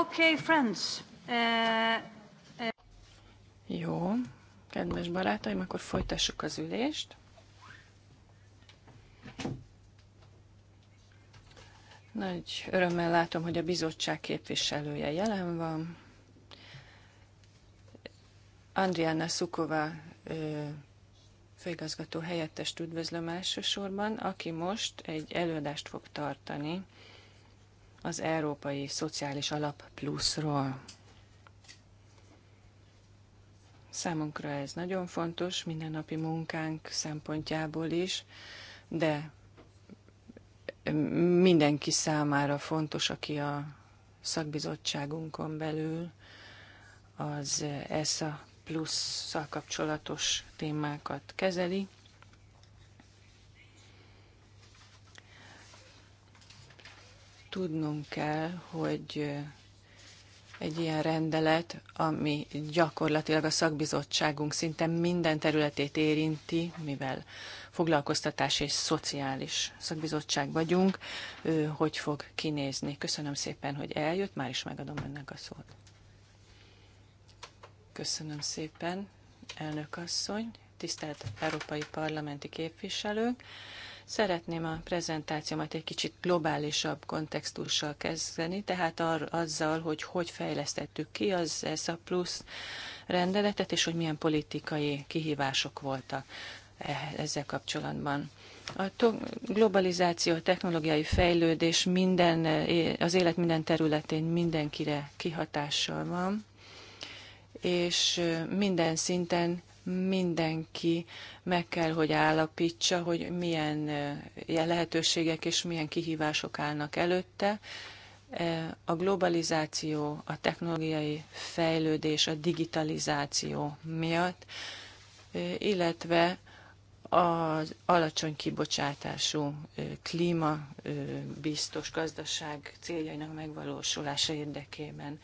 Okay, friends. Uh, uh... Jó, kedves barátaim, akkor folytassuk az ülést. Nagy örömmel látom, hogy a bizottság képviselője jelen van. Andriana Szukova főigazgató helyettest üdvözlöm elsősorban, aki most egy előadást fog tartani az Európai Szociális Alap Pluszról. Számunkra ez nagyon fontos, mindennapi munkánk szempontjából is, de mindenki számára fontos, aki a szakbizottságunkon belül az ESA plusz kapcsolatos témákat kezeli. Tudnunk kell, hogy egy ilyen rendelet, ami gyakorlatilag a szakbizottságunk szinte minden területét érinti, mivel foglalkoztatás és szociális szakbizottság vagyunk, hogy fog kinézni. Köszönöm szépen, hogy eljött, már is megadom önnek a szót. Köszönöm szépen, elnök asszony, tisztelt európai parlamenti képviselők. Szeretném a prezentációmat egy kicsit globálisabb kontextussal kezdeni, tehát ar- azzal, hogy hogy fejlesztettük ki az ESA plusz rendeletet, és hogy milyen politikai kihívások voltak e- ezzel kapcsolatban. A globalizáció, a technológiai fejlődés minden, az élet minden területén mindenkire kihatással van, és minden szinten mindenki meg kell, hogy állapítsa, hogy milyen lehetőségek és milyen kihívások állnak előtte. A globalizáció, a technológiai fejlődés, a digitalizáció miatt, illetve az alacsony kibocsátású klíma biztos gazdaság céljainak megvalósulása érdekében.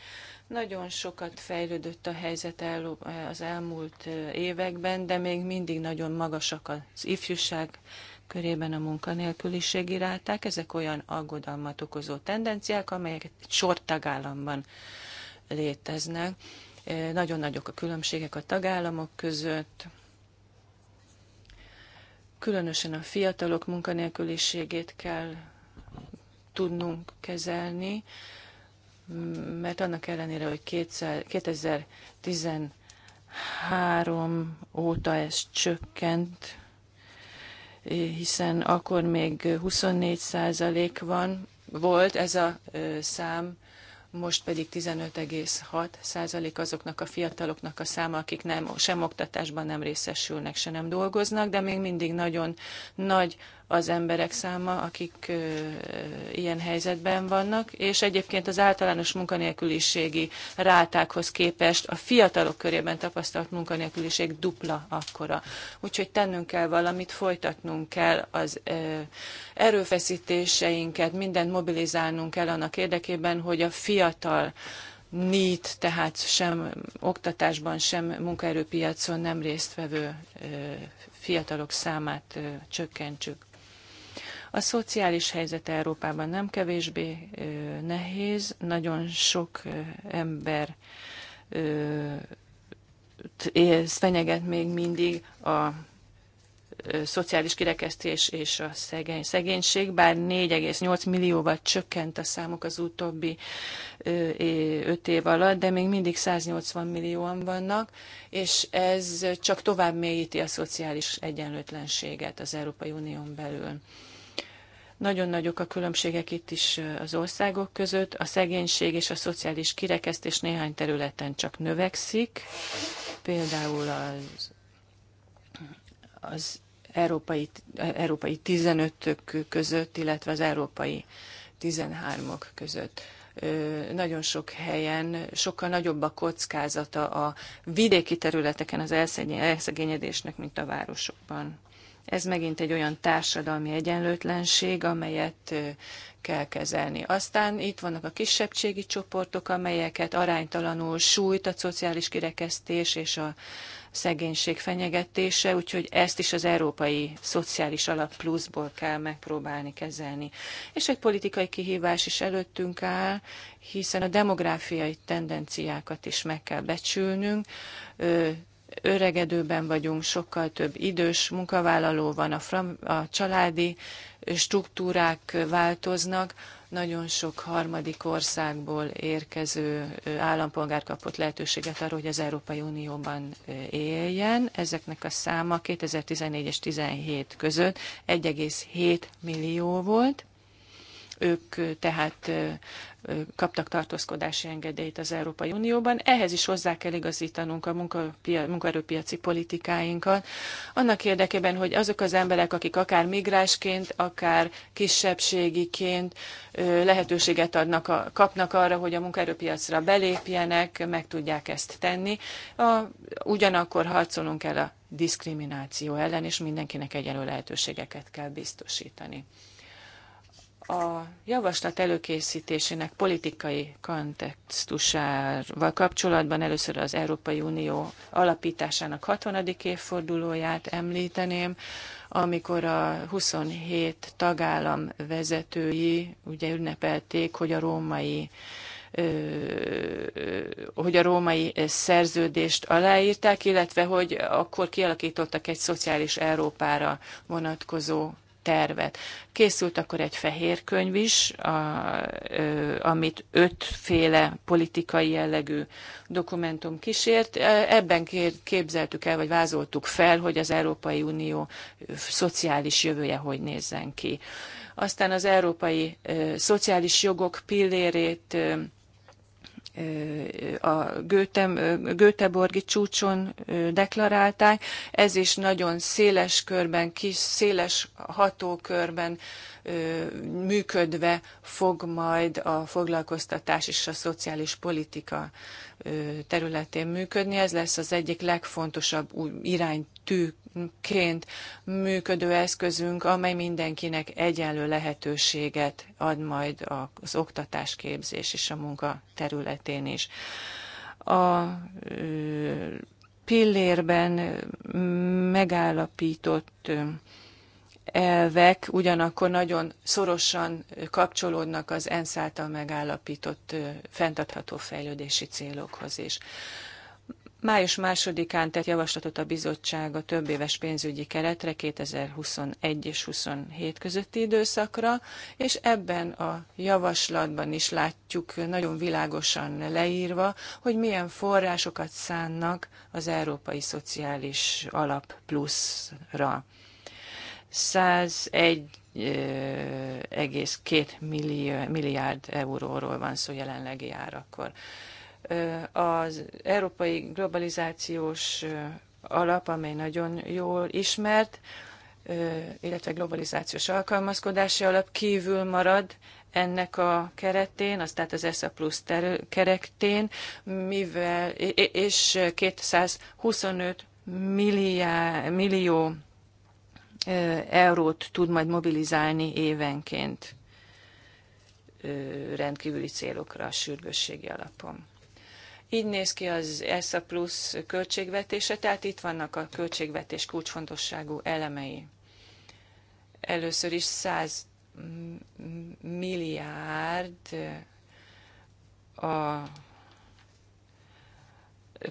Nagyon sokat fejlődött a helyzet el, az elmúlt években, de még mindig nagyon magasak az ifjúság körében a munkanélküliségi ráták. Ezek olyan aggodalmat okozó tendenciák, amelyek egy sor tagállamban léteznek. Nagyon nagyok a különbségek a tagállamok között. Különösen a fiatalok munkanélküliségét kell tudnunk kezelni mert annak ellenére, hogy 2013 óta ez csökkent, hiszen akkor még 24 százalék van, volt ez a szám, most pedig 15,6 százalék azoknak a fiataloknak a száma, akik nem, sem oktatásban nem részesülnek, se nem dolgoznak, de még mindig nagyon nagy az emberek száma, akik ilyen helyzetben vannak, és egyébként az általános munkanélküliségi rátákhoz képest a fiatalok körében tapasztalt munkanélküliség dupla akkora. Úgyhogy tennünk kell valamit, folytatnunk kell az erőfeszítéseinket, mindent mobilizálnunk kell annak érdekében, hogy a fiatal nít, tehát sem oktatásban, sem munkaerőpiacon nem résztvevő fiatalok számát csökkentsük. A szociális helyzet Európában nem kevésbé nehéz, nagyon sok ember fenyeget még mindig a szociális kirekesztés és a szegény, szegénység, bár 4,8 millióval csökkent a számuk az utóbbi 5 év alatt, de még mindig 180 millióan vannak, és ez csak tovább mélyíti a szociális egyenlőtlenséget az Európai Unión belül. Nagyon nagyok a különbségek itt is az országok között. A szegénység és a szociális kirekesztés néhány területen csak növekszik. Például az, az európai, európai 15-ök között, illetve az európai 13-ok között nagyon sok helyen sokkal nagyobb a kockázata a vidéki területeken az elszegényedésnek, mint a városokban. Ez megint egy olyan társadalmi egyenlőtlenség, amelyet kell kezelni. Aztán itt vannak a kisebbségi csoportok, amelyeket aránytalanul sújt a szociális kirekesztés és a szegénység fenyegetése, úgyhogy ezt is az Európai Szociális Alap Pluszból kell megpróbálni kezelni. És egy politikai kihívás is előttünk áll, hiszen a demográfiai tendenciákat is meg kell becsülnünk öregedőben vagyunk, sokkal több idős munkavállaló van, a, fram, a családi struktúrák változnak, nagyon sok harmadik országból érkező állampolgár kapott lehetőséget arra, hogy az Európai Unióban éljen. Ezeknek a száma 2014 és 2017 között 1,7 millió volt. Ők tehát kaptak tartózkodási engedélyt az Európai Unióban. Ehhez is hozzá kell igazítanunk a munkaerőpiaci politikáinkat. Annak érdekében, hogy azok az emberek, akik akár migránsként, akár kisebbségiként lehetőséget adnak, kapnak arra, hogy a munkaerőpiacra belépjenek, meg tudják ezt tenni. A, ugyanakkor harcolunk el a diszkrimináció ellen, és mindenkinek egyenlő lehetőségeket kell biztosítani a javaslat előkészítésének politikai kontextusával kapcsolatban először az Európai Unió alapításának 60. évfordulóját említeném, amikor a 27 tagállam vezetői ugye ünnepelték, hogy a római hogy a római szerződést aláírták, illetve hogy akkor kialakítottak egy szociális Európára vonatkozó tervet. Készült akkor egy fehér könyv is, a, ö, amit ötféle politikai jellegű dokumentum kísért. E, ebben képzeltük el, vagy vázoltuk fel, hogy az Európai Unió szociális jövője hogy nézzen ki. Aztán az európai ö, szociális jogok pillérét ö, a Göteborgi csúcson deklarálták. Ez is nagyon széles körben, kis széles hatókörben működve fog majd a foglalkoztatás és a szociális politika területén működni. Ez lesz az egyik legfontosabb iránytű ként működő eszközünk, amely mindenkinek egyenlő lehetőséget ad majd az oktatás, képzés és a munka területén is. A pillérben megállapított elvek ugyanakkor nagyon szorosan kapcsolódnak az ENSZ által megállapított fenntartható fejlődési célokhoz is. Május másodikán tett javaslatot a bizottság a több éves pénzügyi keretre 2021 és 27 közötti időszakra, és ebben a javaslatban is látjuk nagyon világosan leírva, hogy milyen forrásokat szánnak az Európai Szociális Alap Pluszra. 101,2 milliárd euróról van szó jelenlegi árakkor az európai globalizációs alap, amely nagyon jól ismert, illetve globalizációs alkalmazkodási alap kívül marad ennek a keretén, az tehát az ESA plusz keretén, mivel, és 225 milliá, millió eurót tud majd mobilizálni évenként rendkívüli célokra a sürgősségi alapon. Így néz ki az ESA plusz költségvetése, tehát itt vannak a költségvetés kulcsfontosságú elemei. Először is 100 milliárd a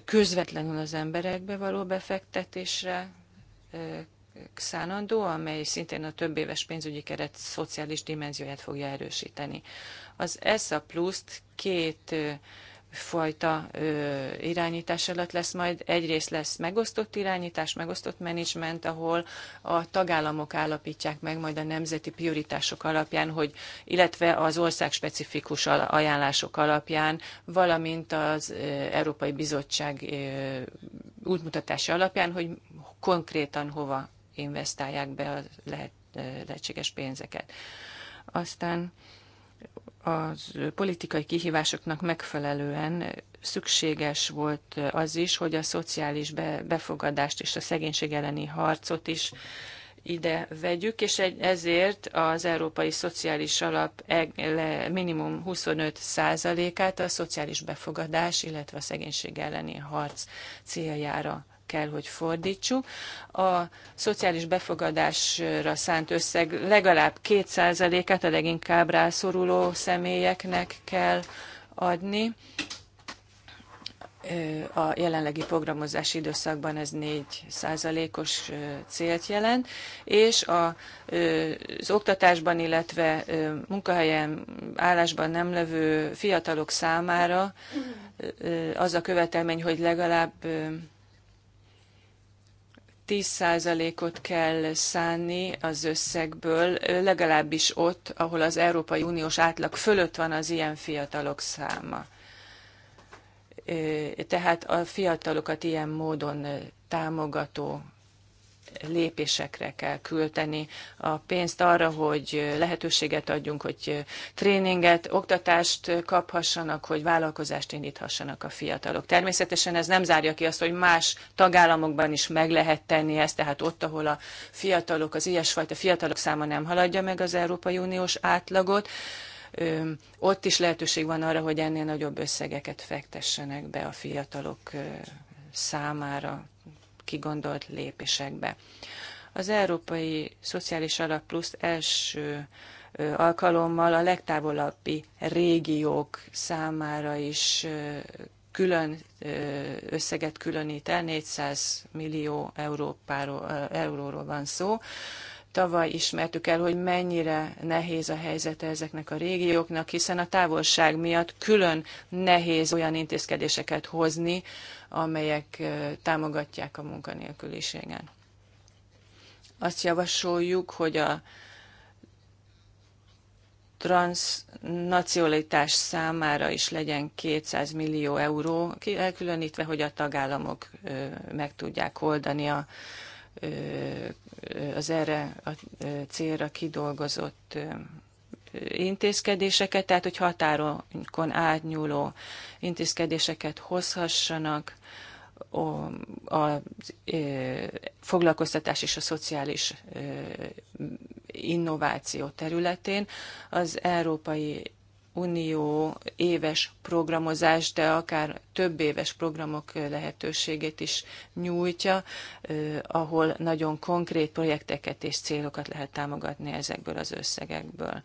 közvetlenül az emberekbe való befektetésre szánandó, amely szintén a több éves pénzügyi keret szociális dimenzióját fogja erősíteni. Az ESA pluszt két fajta ö, irányítás alatt lesz majd. Egyrészt lesz megosztott irányítás, megosztott menedzsment, ahol a tagállamok állapítják meg majd a nemzeti prioritások alapján, hogy illetve az ország specifikus ajánlások alapján, valamint az Európai Bizottság ö, útmutatása alapján, hogy konkrétan hova investálják be a lehet, lehetséges pénzeket. Aztán a politikai kihívásoknak megfelelően szükséges volt az is, hogy a szociális befogadást és a szegénység elleni harcot is ide vegyük, és ezért az Európai Szociális Alap e, minimum 25%-át a szociális befogadás, illetve a szegénység elleni harc céljára kell, hogy fordítsuk. A szociális befogadásra szánt összeg legalább 2%-át a leginkább rászoruló személyeknek kell adni. A jelenlegi programozási időszakban ez 4 százalékos célt jelent, és a, az oktatásban, illetve munkahelyen állásban nem levő fiatalok számára az a követelmény, hogy legalább 10%-ot kell szánni az összegből, legalábbis ott, ahol az Európai Uniós átlag fölött van az ilyen fiatalok száma. Tehát a fiatalokat ilyen módon támogató lépésekre kell küldeni a pénzt arra, hogy lehetőséget adjunk, hogy tréninget, oktatást kaphassanak, hogy vállalkozást indíthassanak a fiatalok. Természetesen ez nem zárja ki azt, hogy más tagállamokban is meg lehet tenni ezt, tehát ott, ahol a fiatalok, az ilyesfajta fiatalok száma nem haladja meg az Európai Uniós átlagot, ott is lehetőség van arra, hogy ennél nagyobb összegeket fektessenek be a fiatalok számára kigondolt lépésekbe. Az Európai Szociális Alap Plusz első alkalommal a legtávolabbi régiók számára is külön összeget különít el, 400 millió európáról, euróról van szó. Tavaly ismertük el, hogy mennyire nehéz a helyzete ezeknek a régióknak, hiszen a távolság miatt külön nehéz olyan intézkedéseket hozni, amelyek támogatják a munkanélküliségen. Azt javasoljuk, hogy a transnacionalitás számára is legyen 200 millió euró elkülönítve, hogy a tagállamok meg tudják oldani a, az erre a célra kidolgozott intézkedéseket, tehát hogy határokon átnyúló intézkedéseket hozhassanak a foglalkoztatás és a szociális innováció területén. Az európai Unió éves programozás, de akár több éves programok lehetőségét is nyújtja, ahol nagyon konkrét projekteket és célokat lehet támogatni ezekből az összegekből.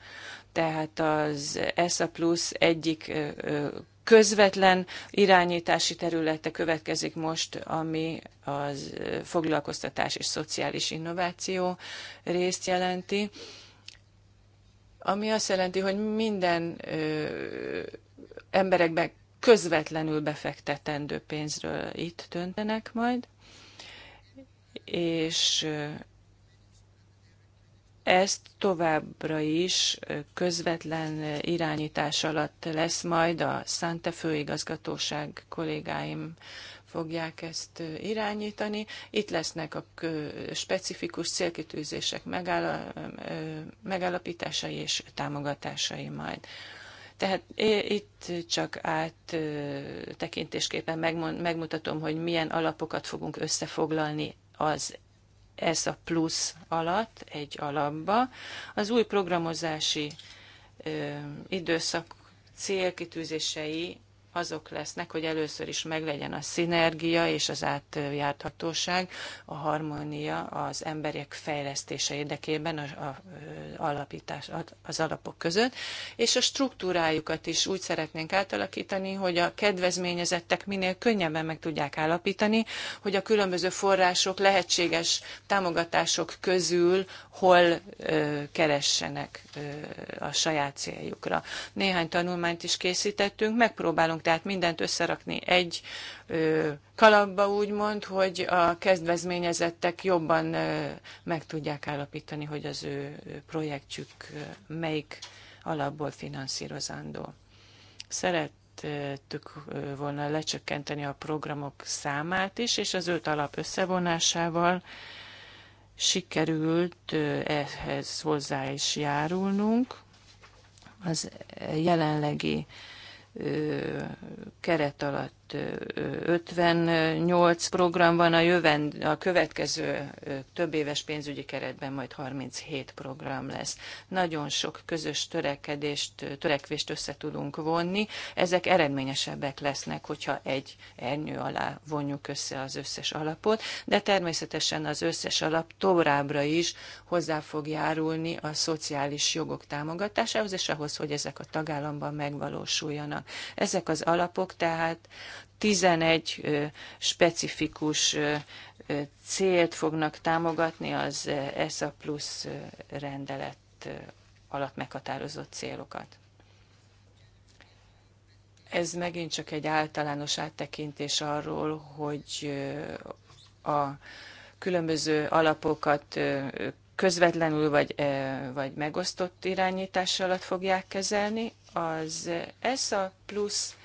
Tehát az ESA Plus egyik közvetlen irányítási területe következik most, ami az foglalkoztatás és szociális innováció részt jelenti ami azt jelenti, hogy minden ö, emberekben közvetlenül befektetendő pénzről itt döntenek majd, és ezt továbbra is közvetlen irányítás alatt lesz majd a Szante főigazgatóság kollégáim fogják ezt irányítani. Itt lesznek a specifikus célkitűzések megállapításai és támogatásai majd. Tehát itt csak át tekintésképpen megmutatom, hogy milyen alapokat fogunk összefoglalni az ez a plusz alatt egy alapba. Az új programozási időszak célkitűzései azok lesznek, hogy először is meglegyen a szinergia és az átjárthatóság, a harmónia az emberek fejlesztése érdekében a, a, alapítás, az alapok között, és a struktúrájukat is úgy szeretnénk átalakítani, hogy a kedvezményezettek minél könnyebben meg tudják állapítani, hogy a különböző források, lehetséges támogatások közül hol ö, keressenek ö, a saját céljukra. Néhány tanulmányt is készítettünk, megpróbálunk tehát mindent összerakni egy kalapba, úgymond, hogy a kezdvezményezettek jobban meg tudják állapítani, hogy az ő projektjük melyik alapból finanszírozandó. Szerettük volna lecsökkenteni a programok számát is, és az öt alap összevonásával sikerült ehhez hozzá is járulnunk. Az jelenlegi keret alatt 58 program van, a, jöven, a következő több éves pénzügyi keretben majd 37 program lesz. Nagyon sok közös törekedést, törekvést össze tudunk vonni. Ezek eredményesebbek lesznek, hogyha egy ernyő alá vonjuk össze az összes alapot, de természetesen az összes alap továbbra is hozzá fog járulni a szociális jogok támogatásához, és ahhoz, hogy ezek a tagállamban megvalósuljanak. Ezek az alapok tehát 11 specifikus célt fognak támogatni az ESA plusz rendelet alatt meghatározott célokat. Ez megint csak egy általános áttekintés arról, hogy a különböző alapokat közvetlenül vagy, vagy megosztott irányítás alatt fogják kezelni. Az ESA plusz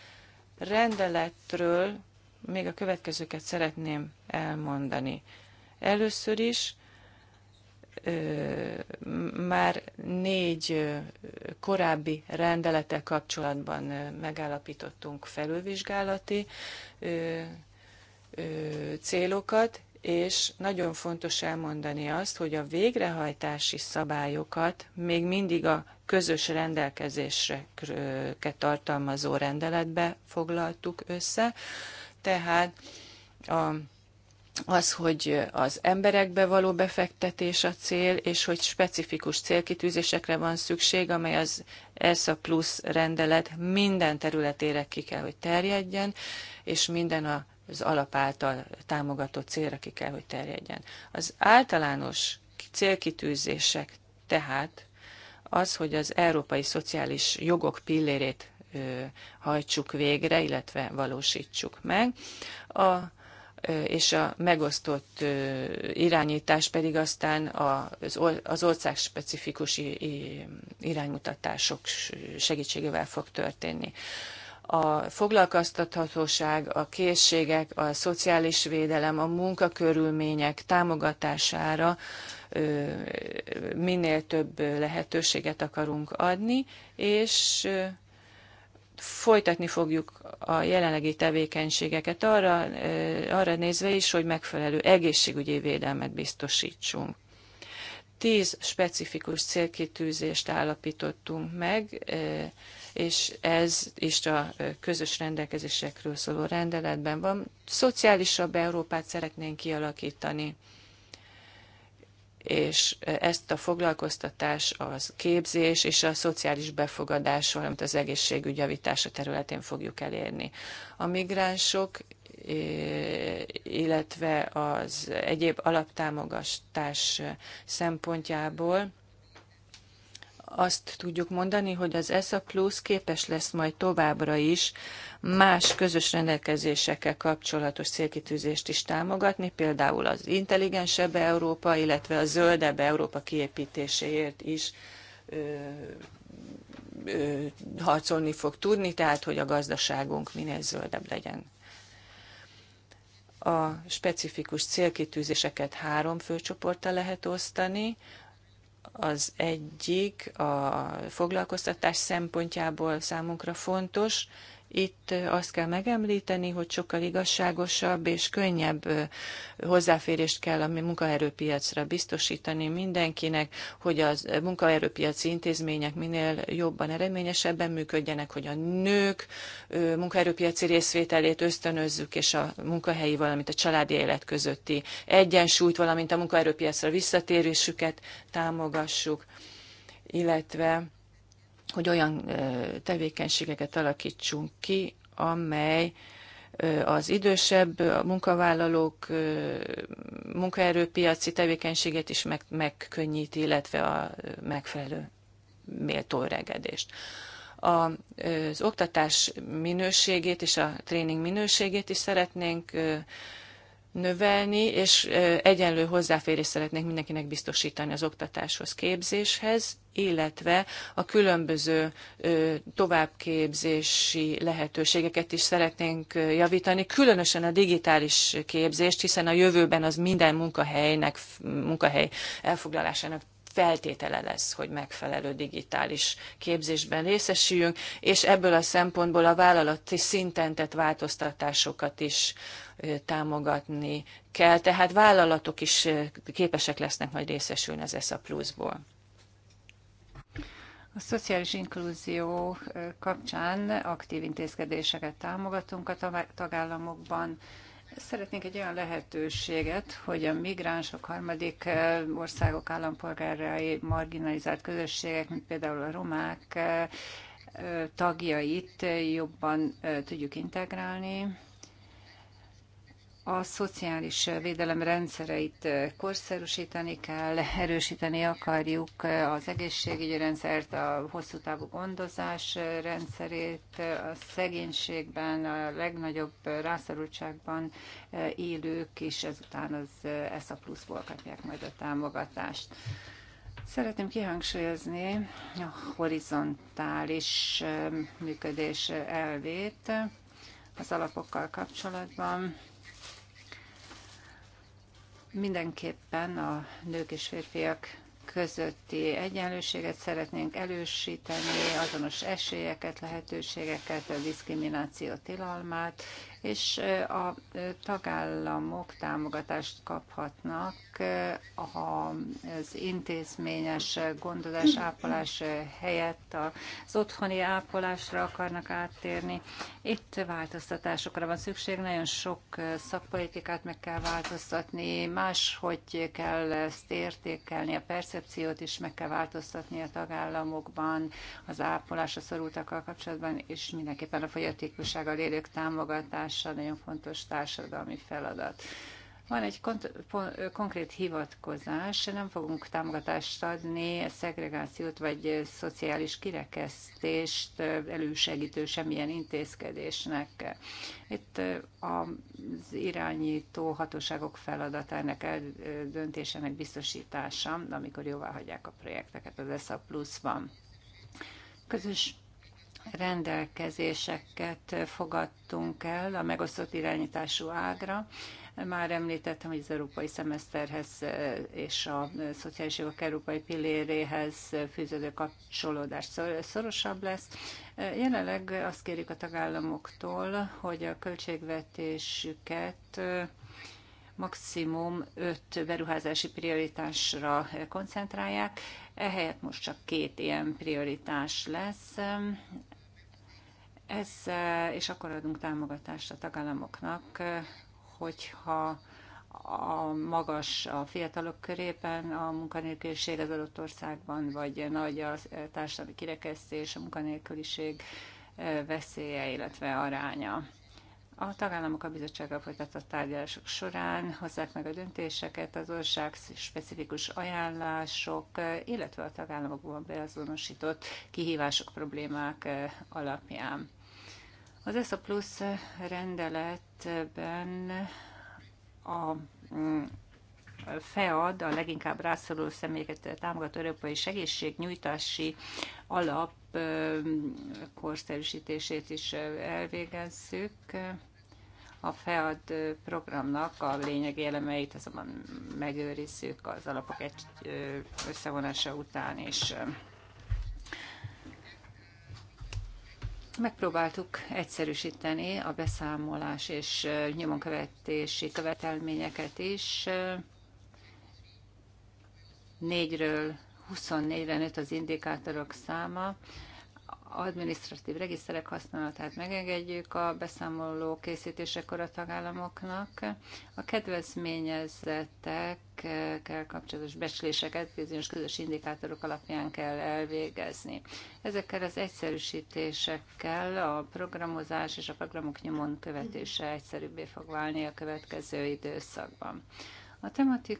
rendeletről még a következőket szeretném elmondani. Először is már négy korábbi rendelete kapcsolatban megállapítottunk felülvizsgálati célokat, és nagyon fontos elmondani azt, hogy a végrehajtási szabályokat még mindig a közös rendelkezéseket tartalmazó rendeletbe foglaltuk össze. Tehát a az, hogy az emberekbe való befektetés a cél, és hogy specifikus célkitűzésekre van szükség, amely az ESA plusz rendelet minden területére ki kell, hogy terjedjen, és minden a az alap által támogatott célra ki kell, hogy terjedjen. Az általános célkitűzések tehát az, hogy az európai szociális jogok pillérét hajtsuk végre, illetve valósítsuk meg. A, és a megosztott irányítás pedig aztán az ország specifikus iránymutatások segítségével fog történni. A foglalkoztathatóság, a készségek, a szociális védelem, a munkakörülmények támogatására minél több lehetőséget akarunk adni, és folytatni fogjuk a jelenlegi tevékenységeket arra, arra nézve is, hogy megfelelő egészségügyi védelmet biztosítsunk. Tíz specifikus célkitűzést állapítottunk meg, és ez is a közös rendelkezésekről szóló rendeletben van. Szociálisabb Európát szeretnénk kialakítani és ezt a foglalkoztatás, az képzés és a szociális befogadás, valamint az egészségügy javítása területén fogjuk elérni. A migránsok illetve az egyéb alaptámogatás szempontjából azt tudjuk mondani, hogy az ESA Plus képes lesz majd továbbra is más közös rendelkezésekkel kapcsolatos célkitűzést is támogatni, például az intelligensebb Európa, illetve a zöldebb Európa kiépítéséért is ö, ö, harcolni fog tudni, tehát hogy a gazdaságunk minél zöldebb legyen. A specifikus célkitűzéseket három fő csoportra lehet osztani, az egyik a foglalkoztatás szempontjából számunkra fontos, itt azt kell megemlíteni, hogy sokkal igazságosabb és könnyebb hozzáférést kell a munkaerőpiacra biztosítani mindenkinek, hogy a munkaerőpiaci intézmények minél jobban eredményesebben működjenek, hogy a nők munkaerőpiaci részvételét ösztönözzük, és a munkahelyi, valamint a családi élet közötti egyensúlyt, valamint a munkaerőpiacra visszatérésüket támogassuk, illetve hogy olyan tevékenységeket alakítsunk ki, amely az idősebb munkavállalók munkaerőpiaci tevékenységet is meg, megkönnyíti, illetve a megfelelő méltó öregedést. Az oktatás minőségét és a tréning minőségét is szeretnénk növelni, és egyenlő hozzáférést szeretnénk mindenkinek biztosítani az oktatáshoz, képzéshez, illetve a különböző továbbképzési lehetőségeket is szeretnénk javítani, különösen a digitális képzést, hiszen a jövőben az minden munkahelynek, munkahely elfoglalásának feltétele lesz, hogy megfelelő digitális képzésben részesüljünk, és ebből a szempontból a vállalati szinten tett változtatásokat is támogatni kell. Tehát vállalatok is képesek lesznek majd részesülni az ESA pluszból. A szociális inkluzió kapcsán aktív intézkedéseket támogatunk a tagállamokban, Szeretnénk egy olyan lehetőséget, hogy a migránsok harmadik eh, országok állampolgárai marginalizált közösségek, mint például a romák eh, eh, tagjait jobban tudjuk integrálni, a szociális védelem rendszereit korszerűsíteni kell, erősíteni akarjuk az egészségügyi rendszert, a hosszú távú gondozás rendszerét, a szegénységben, a legnagyobb rászorultságban élők is ezután az ESA pluszból kapják majd a támogatást. Szeretném kihangsúlyozni a horizontális um, működés elvét az alapokkal kapcsolatban Mindenképpen a nők és férfiak közötti egyenlőséget szeretnénk elősíteni, azonos esélyeket, lehetőségeket, a diszkrimináció tilalmát, és a tagállamok támogatást kaphatnak az intézményes gondozás ápolás helyett az otthoni ápolásra akarnak áttérni. Itt változtatásokra van szükség, nagyon sok szakpolitikát meg kell változtatni, máshogy kell ezt értékelni, a percepciót is meg kell változtatni a tagállamokban, az ápolásra szorultakkal kapcsolatban, és mindenképpen a fogyatékossággal élők támogatás hatása nagyon fontos társadalmi feladat. Van egy kont- pon- konkrét hivatkozás, nem fogunk támogatást adni, szegregációt vagy szociális kirekesztést elősegítő semmilyen intézkedésnek. Itt az irányító hatóságok ennek döntésének biztosítása, amikor jóvá hagyják a projekteket az plusz van. Közös rendelkezéseket fogadtunk el a megosztott irányítású ágra. Már említettem, hogy az európai szemeszterhez eh, és a szociális jogok európai pilléréhez fűződő kapcsolódás szorosabb lesz. Eh, jelenleg azt kérjük a tagállamoktól, hogy a költségvetésüket eh, maximum öt beruházási prioritásra koncentrálják. Ehelyett most csak két ilyen prioritás lesz. Ez, és akkor adunk támogatást a tagállamoknak, hogyha a magas a fiatalok körében a munkanélküliség az adott országban, vagy nagy a társadalmi kirekesztés, a munkanélküliség veszélye, illetve aránya. A tagállamok a bizottsággal folytatott tárgyalások során hozzák meg a döntéseket, az ország specifikus ajánlások, illetve a tagállamokban beazonosított kihívások, problémák alapján. Az ESZA Plus rendeletben a mm, FEAD, a leginkább rászoruló személyeket támogató európai segítségnyújtási alap korszerűsítését is elvégezzük. A FEAD programnak a lényegi elemeit azonban megőrizzük az alapok egy összevonása után is. megpróbáltuk egyszerűsíteni a beszámolás és nyomonkövetési követelményeket is. Négyről 24-re nőtt az indikátorok száma, adminisztratív regiszterek használatát megengedjük a beszámoló készítésekor a tagállamoknak. A kedvezményezettekkel kapcsolatos becsléseket bizonyos közös indikátorok alapján kell elvégezni. Ezekkel az egyszerűsítésekkel a programozás és a programok nyomon követése egyszerűbbé fog válni a következő időszakban. A tematik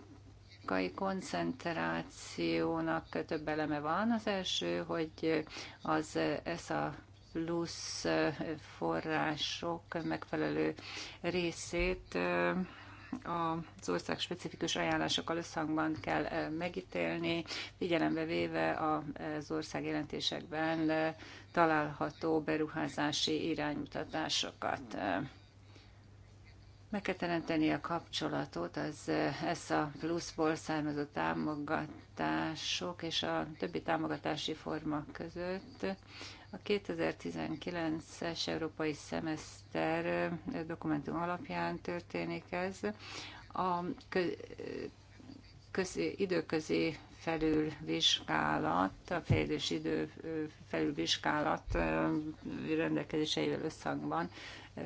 fizikai koncentrációnak több eleme van. Az első, hogy az ez a plusz források megfelelő részét az ország specifikus ajánlásokkal összhangban kell megítélni, figyelembe véve az ország jelentésekben található beruházási iránymutatásokat. Mm. Meg kell teremteni a kapcsolatot az a pluszból származó támogatások és a többi támogatási forma között. A 2019-es európai szemeszter dokumentum alapján történik ez. A köz, időközi felülvizsgálat, a fejlődés idő felülvizsgálat rendelkezéseivel összhangban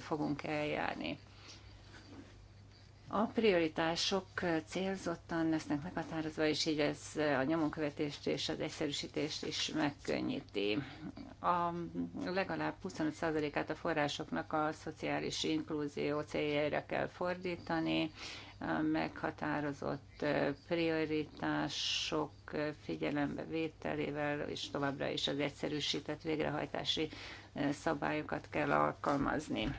fogunk eljárni. A prioritások célzottan lesznek meghatározva, és így ez a nyomonkövetést és az egyszerűsítést is megkönnyíti. A legalább 25%-át a forrásoknak a szociális inklúzió céljaira kell fordítani, meghatározott prioritások figyelembe vételével, és továbbra is az egyszerűsített végrehajtási szabályokat kell alkalmazni.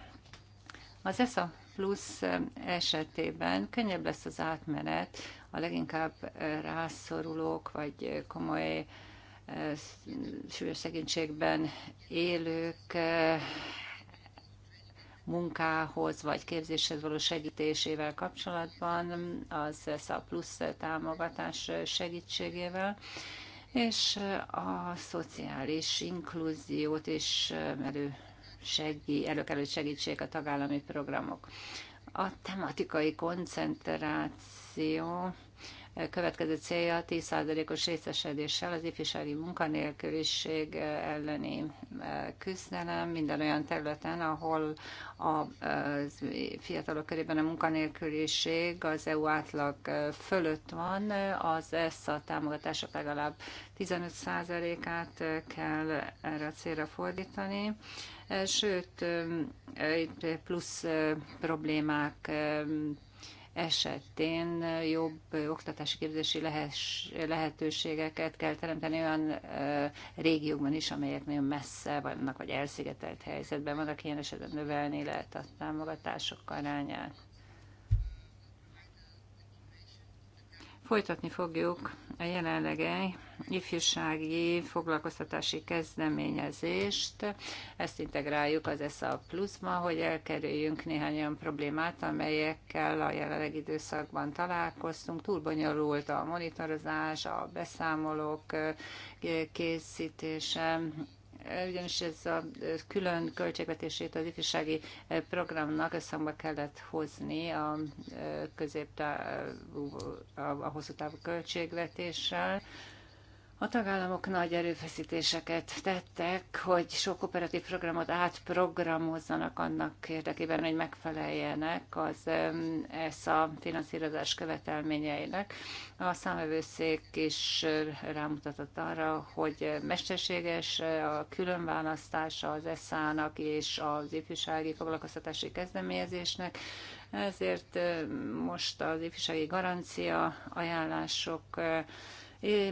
Az ESZA plusz eh, esetében könnyebb lesz az átmenet a leginkább eh, rászorulók vagy eh, komoly súlyos szegénységben élők munkához vagy képzéshez való segítésével kapcsolatban, az a plusz támogatás segítségével, és a szociális inkluziót is elő segí, elő kell, hogy segítsék a tagállami programok. A tematikai koncentráció eh, következő célja 10%-os részesedéssel az ifjúsági munkanélküliség eh, elleni eh, küzdelem minden olyan területen, ahol a fiatalok körében a munkanélküliség az EU átlag fölött van, az ezt a támogatások legalább 15%-át kell erre a célra fordítani Eh, sőt eh, eh, plusz problémák esetén jobb oktatási képzési lehetőségeket kell teremteni olyan régiókban is, amelyek nagyon messze vannak, vagy elszigetelt helyzetben vannak, ilyen esetben növelni lehet a támogatások arányát. Folytatni fogjuk a jelenlegi ifjúsági foglalkoztatási kezdeményezést. Ezt integráljuk az ESA pluszba, hogy elkerüljünk néhány olyan problémát, amelyekkel a jelenlegi időszakban találkoztunk. Túl bonyolult a monitorozás, a beszámolók eh, készítése, ugyanis ez a külön költségvetését az ifjúsági eh, programnak összhangba kellett hozni a eh, középtávú, a, a hosszú távú költségvetéssel, a tagállamok nagy erőfeszítéseket tettek, hogy sok operatív programot átprogramozzanak annak érdekében, hogy megfeleljenek az ESZA finanszírozás követelményeinek. A számvevőszék is rámutatott arra, hogy mesterséges a különválasztása az ESZA-nak és az ifjúsági foglalkoztatási kezdeményezésnek, ezért most az ifjúsági garancia ajánlások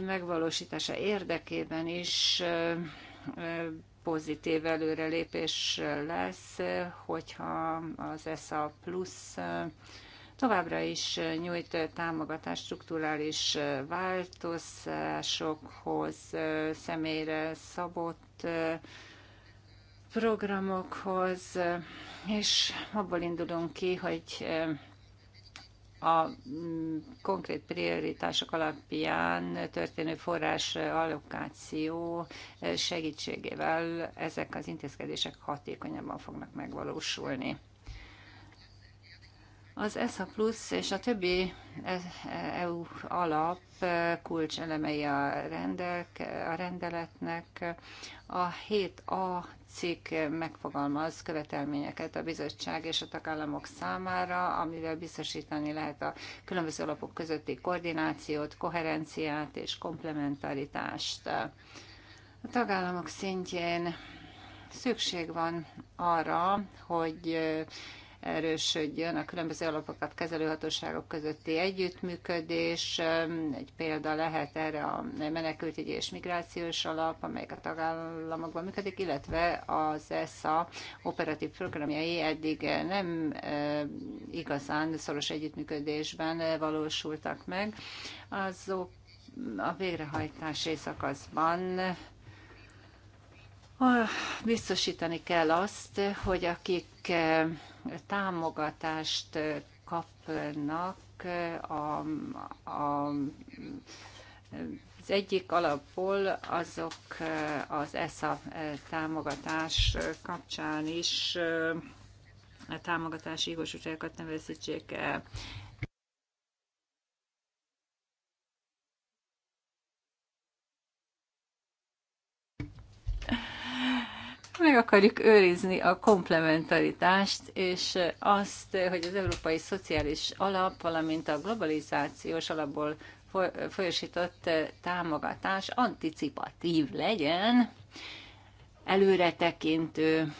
megvalósítása érdekében is pozitív előrelépés lesz, hogyha az ESA plusz továbbra is nyújt támogatást struktúrális változásokhoz, személyre szabott programokhoz, és abból indulunk ki, hogy a mm, konkrét prioritások alapján történő forrás allokáció eh, segítségével ezek az intézkedések hatékonyabban fognak megvalósulni. Az ESA Plus és a többi EU e-, e alap e, elemei a, rendelk, a rendeletnek. A 7A cikk megfogalmaz követelményeket a bizottság és a tagállamok számára, amivel biztosítani lehet a különböző alapok közötti koordinációt, koherenciát és komplementaritást. A tagállamok szintjén szükség van arra, hogy erősödjön a különböző alapokat kezelő hatóságok közötti együttműködés. Egy példa lehet erre a menekültügyi és migrációs alap, amelyek a tagállamokban működik, illetve az ESA operatív programjai eddig nem igazán szoros együttműködésben valósultak meg. Azok a végrehajtás szakaszban biztosítani kell azt, hogy akik támogatást kapnak a, a az egyik alapból azok az ESA támogatás kapcsán is a támogatási igazságokat nevezítsék el. meg akarjuk őrizni a komplementaritást, és azt, hogy az Európai Szociális Alap, valamint a globalizációs alapból folyosított támogatás anticipatív legyen, előretekintő,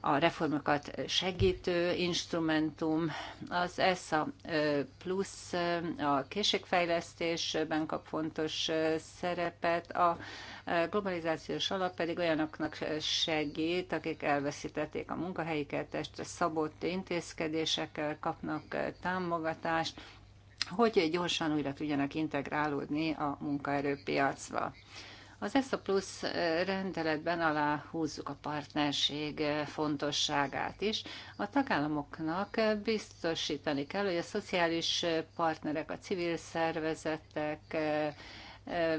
a reformokat segítő instrumentum, az ESA plusz a készségfejlesztésben kap fontos szerepet, a globalizációs alap pedig olyanoknak segít, akik elveszítették a munkahelyüket, testre szabott intézkedésekkel kapnak támogatást, hogy gyorsan újra tudjanak integrálódni a munkaerőpiacba. Az ESZA Plus rendeletben húzzuk a partnerség fontosságát is. A tagállamoknak biztosítani kell, hogy a szociális partnerek, a civil szervezetek,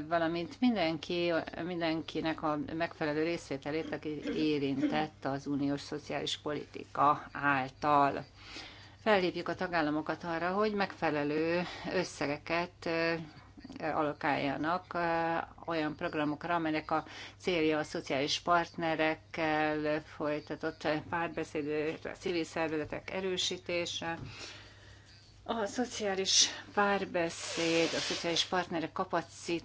valamint mindenki, mindenkinek a megfelelő részvételét, aki érintett az uniós szociális politika által. Felhívjuk a tagállamokat arra, hogy megfelelő összegeket alokáljanak olyan programokra, amelyek a célja a szociális partnerekkel folytatott párbeszéd, a civil szervezetek erősítése, a szociális párbeszéd, a szociális partnerek kapacitásait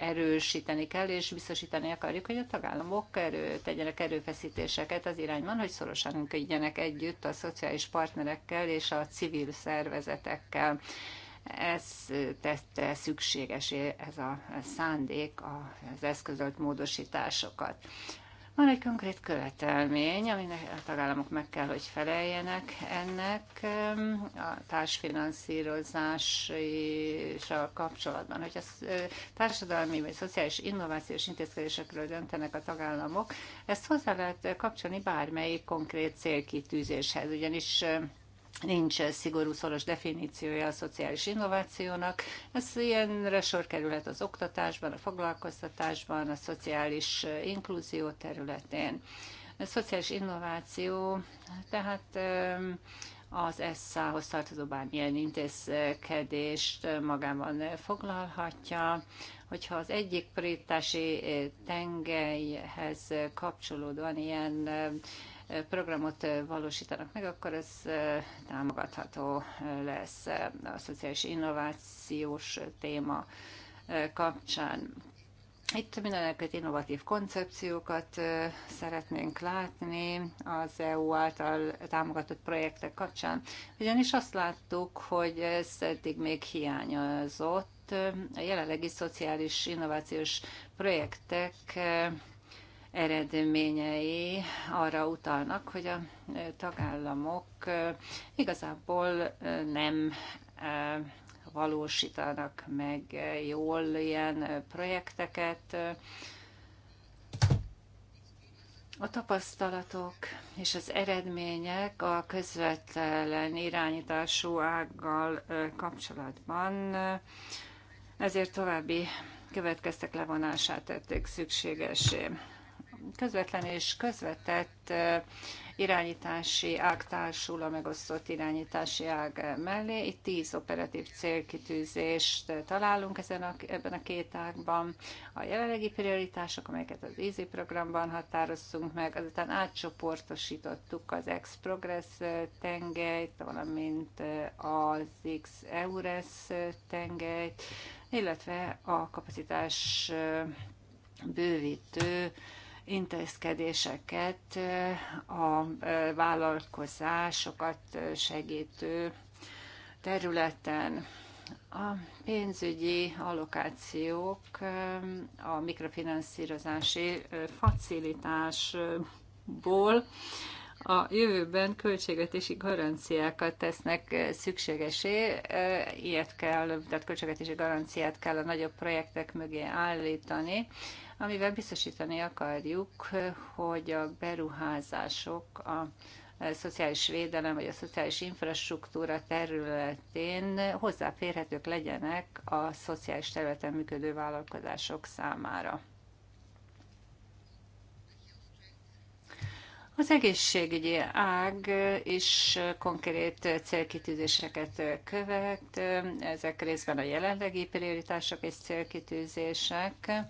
erősíteni kell, és biztosítani akarjuk, hogy a tagállamok erő, tegyenek erőfeszítéseket az irányban, hogy szorosan működjenek együtt a szociális partnerekkel és a civil szervezetekkel. Ez tette szükséges ez a szándék, az eszközölt módosításokat. Van egy konkrét követelmény, aminek a tagállamok meg kell, hogy feleljenek ennek a társfinanszírozással kapcsolatban. Hogy a társadalmi vagy szociális innovációs intézkedésekről döntenek a tagállamok, ezt hozzá lehet kapcsolni bármelyik konkrét célkitűzéshez, ugyanis nincs eh, szigorú szoros definíciója a szociális innovációnak. Ez ilyenre sor kerülhet az oktatásban, a foglalkoztatásban, a szociális eh, inkluzió területén. A szociális innováció, tehát eh, az ESSA-hoz tartozó bármilyen intézkedést magában foglalhatja. Hogyha az egyik prioritási tengelyhez kapcsolódóan ilyen programot eh, valósítanak meg, akkor ez eh, támogatható eh, lesz a szociális innovációs téma kapcsán. Itt mindeneket innovatív koncepciókat szeretnénk látni az EU által támogatott projektek kapcsán, ugyanis azt láttuk, hogy ez eddig még hiányozott. A jelenlegi szociális innovációs projektek eredményei arra utalnak, hogy a tagállamok igazából nem valósítanak meg jól ilyen projekteket. A tapasztalatok és az eredmények a közvetlen irányítású ággal kapcsolatban ezért további következtek levonását tették szükségesé közvetlen és közvetett irányítási ág társul a megosztott irányítási ág mellé. Itt tíz operatív célkitűzést találunk ezen a, ebben a két ágban. A jelenlegi prioritások, amelyeket az EASY programban határoztunk meg, azután átcsoportosítottuk az X-Progress tengelyt, valamint az X-EURES tengelyt, illetve a kapacitás bővítő intézkedéseket a vállalkozásokat segítő területen. A pénzügyi allokációk a mikrofinanszírozási facilitásból a jövőben költségvetési garanciákat tesznek szükségesé, ilyet kell, tehát költségvetési garanciát kell a nagyobb projektek mögé állítani, amivel biztosítani akarjuk, hogy a beruházások a e, szociális védelem vagy a szociális infrastruktúra területén hozzáférhetők legyenek a szociális területen működő vállalkozások számára. Az egészségügyi ág is konkrét célkitűzéseket követ, ezek részben a jelenlegi prioritások és célkitűzések,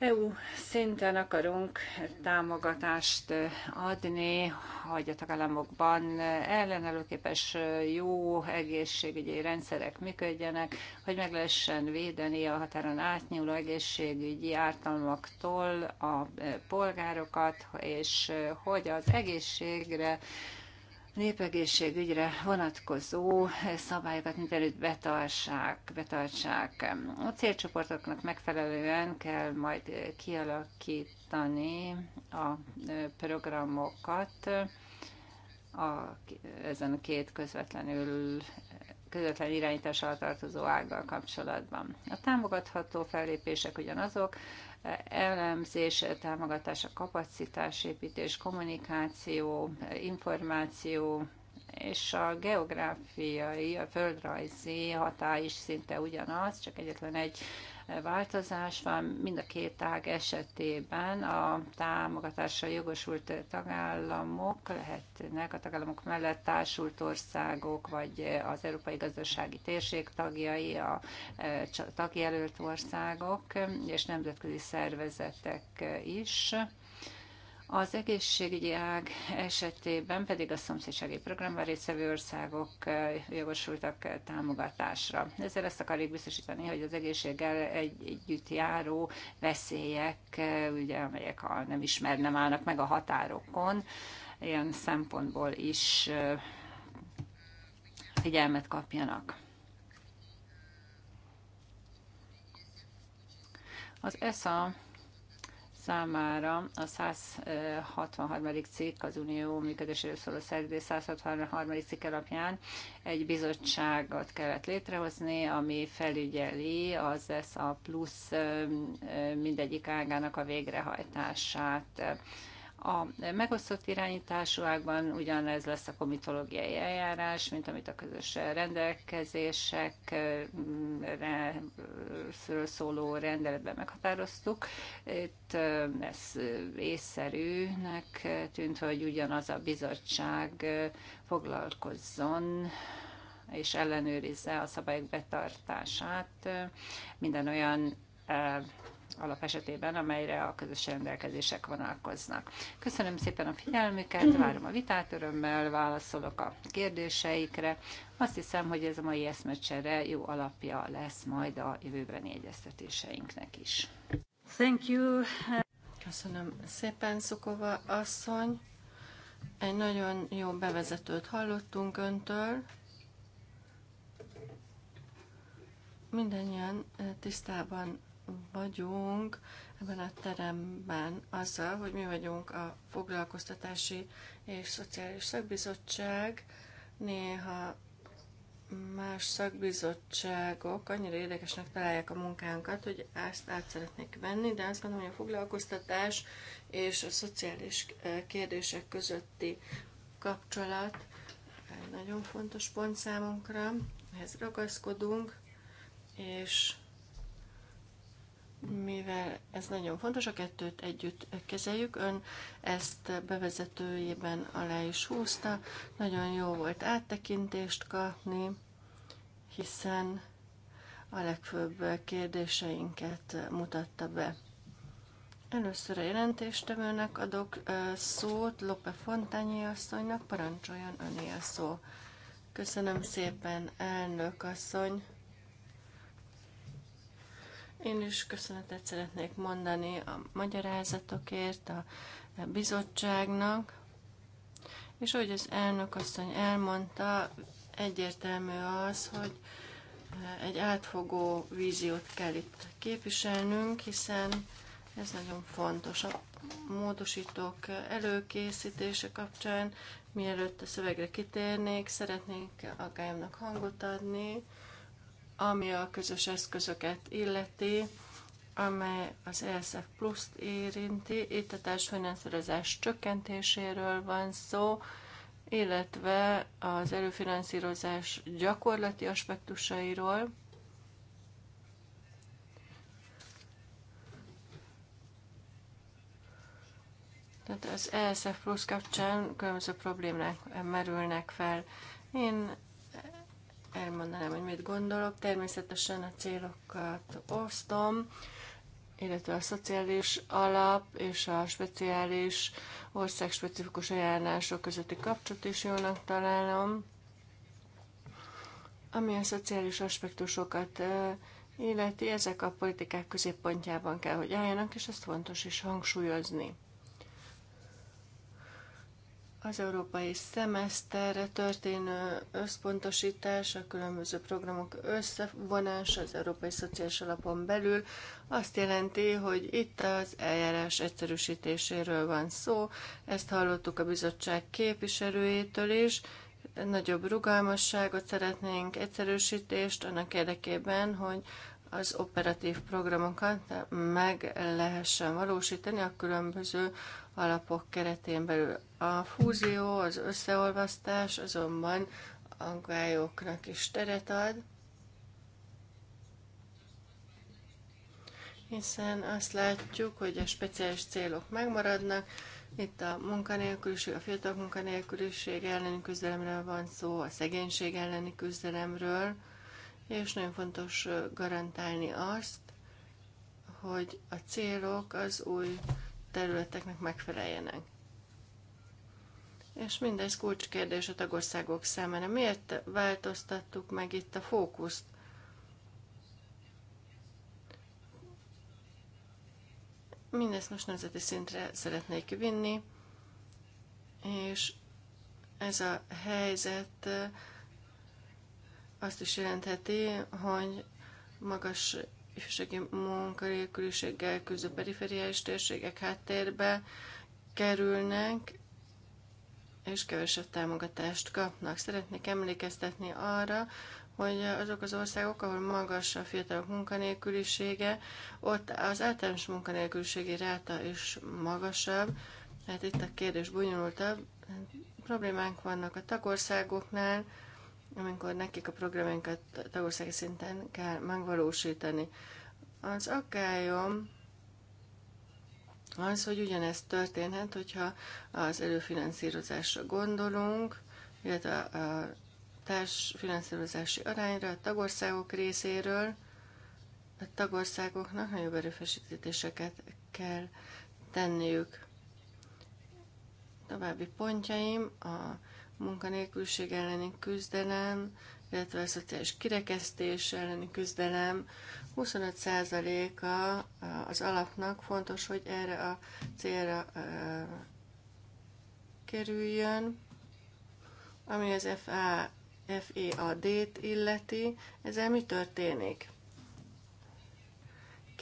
EU szinten akarunk támogatást eh, adni, hogy a tagállamokban ellenállóképes eh, jó egészségügyi rendszerek működjenek, hogy meg lehessen védeni a határon átnyúló egészségügyi ártalmaktól a eh, polgárokat, és hogy az egészségre népegészségügyre vonatkozó szabályokat mindenütt betartsák, betartsák. A célcsoportoknak megfelelően kell majd kialakítani a programokat a, ezen a két közvetlenül közvetlen irányítás alatt tartozó ággal kapcsolatban. A támogatható fellépések ugyanazok, elemzés, támogatása, kapacitásépítés, kommunikáció, információ, és a geográfiai, a földrajzi hatály is szinte ugyanaz, csak egyetlen egy változás van mind a két tág esetében. A támogatásra jogosult tagállamok lehetnek a tagállamok mellett társult országok, vagy az Európai Gazdasági Térség tagjai, a e, tagjelölt országok és nemzetközi szervezetek is. Az egészségügyi ág esetében pedig a szomszédsági programban részvevő országok jogosultak támogatásra. Ezzel ezt akarjuk biztosítani, hogy az egészséggel együtt járó veszélyek, ugye, amelyek ha nem ismer, nem állnak meg a határokon, ilyen szempontból is figyelmet kapjanak. Az ESA számára a 163. cikk az Unió működéséről szóló szerződés 163. cikk alapján egy bizottságot kellett létrehozni, ami felügyeli az ESA plusz mindegyik ágának a végrehajtását. A megosztott irányításúákban ugyanez lesz a komitológiai eljárás, mint amit a közös rendelkezésekre szóló rendeletben meghatároztuk. Itt ez észszerűnek tűnt, hogy ugyanaz a bizottság foglalkozzon és ellenőrizze a szabályok betartását minden olyan alap esetében, amelyre a közös rendelkezések vonalkoznak. Köszönöm szépen a figyelmüket, várom a vitát, örömmel válaszolok a kérdéseikre. Azt hiszem, hogy ez a mai eszmecsere jó alapja lesz majd a jövőbeni egyeztetéseinknek is. Thank you. Köszönöm szépen, Szukova asszony. Egy nagyon jó bevezetőt hallottunk öntől. Mindennyian eh, tisztában vagyunk ebben a teremben azzal, hogy mi vagyunk a foglalkoztatási és szociális szakbizottság, néha más szakbizottságok annyira érdekesnek találják a munkánkat, hogy ezt át szeretnék venni, de azt gondolom, hogy a foglalkoztatás és a szociális eh, kérdések közötti kapcsolat egy nagyon fontos pont számunkra, ehhez ragaszkodunk, és mivel ez nagyon fontos, a kettőt együtt kezeljük. Ön ezt bevezetőjében alá is húzta. Nagyon jó volt áttekintést kapni, hiszen a legfőbb kérdéseinket mutatta be. Először a jelentéstevőnek adok szót, Lope Fontányi asszonynak, parancsoljon öné a szó. Köszönöm szépen, elnök asszony! Én is köszönetet szeretnék mondani a magyarázatokért a bizottságnak, és ahogy az elnök asszony elmondta, egyértelmű az, hogy eh, egy átfogó víziót kell itt képviselnünk, hiszen ez nagyon fontos a módosítók előkészítése kapcsán. Mielőtt a szövegre kitérnék, szeretnék a hangot adni, ami a közös eszközöket illeti, amely az ESF pluszt érinti. Itt a társfinanszírozás csökkentéséről van szó, illetve az előfinanszírozás gyakorlati aspektusairól. Tehát az ESF plusz kapcsán különböző problémák merülnek fel. Én elmondanám, hogy mit gondolok. Természetesen a célokat osztom, illetve a szociális alap és a speciális országspecifikus ajánlások közötti kapcsolat is jónak találom. Ami a szociális aspektusokat illeti, ezek a politikák középpontjában kell, hogy álljanak, és ezt fontos is hangsúlyozni. Az európai szemeszterre történő összpontosítás, a különböző programok összevonása az Európai Szociális Alapon belül azt jelenti, hogy itt az eljárás egyszerűsítéséről van szó. Ezt hallottuk a bizottság képviselőjétől is. Nagyobb rugalmasságot szeretnénk, egyszerűsítést annak érdekében, hogy az operatív programokat meg lehessen valósítani a különböző alapok keretén belül. A fúzió, az összeolvasztás azonban aggályoknak is teret ad, hiszen azt látjuk, hogy a speciális célok megmaradnak, itt a munkanélküliség, a fiatal munkanélküliség elleni küzdelemről van szó, a szegénység elleni küzdelemről, és nagyon fontos garantálni azt, hogy a célok az új területeknek megfeleljenek. És mindez kulcskérdés a tagországok számára. Miért változtattuk meg itt a fókuszt? Mindezt most nemzeti szintre szeretnék vinni, és ez a helyzet eh, azt is jelentheti, hogy magas ifjúsági munkanélküliséggel küzdő perifériás térségek háttérbe kerülnek, és kevesebb támogatást kapnak. Szeretnék emlékeztetni arra, hogy azok az országok, ahol magas a fiatalok munkanélkülisége, ott az általános munkanélküliségi ráta is magasabb, tehát itt a kérdés bonyolultabb. Problémánk vannak a tagországoknál, amikor nekik a programjainkat tagországi szinten kell megvalósítani. Az akályom az, hogy ugyanez történhet, hogyha az előfinanszírozásra gondolunk, illetve a társfinanszírozási arányra a tagországok részéről, a tagországoknak nagyobb erőfeszítéseket kell tenniük. További pontjaim a munkanélküliség elleni küzdelem, illetve a szociális kirekesztés elleni küzdelem. 25%-a az alapnak fontos, hogy erre a célra kerüljön, ami az FA, FEAD-t illeti. Ezzel mi történik?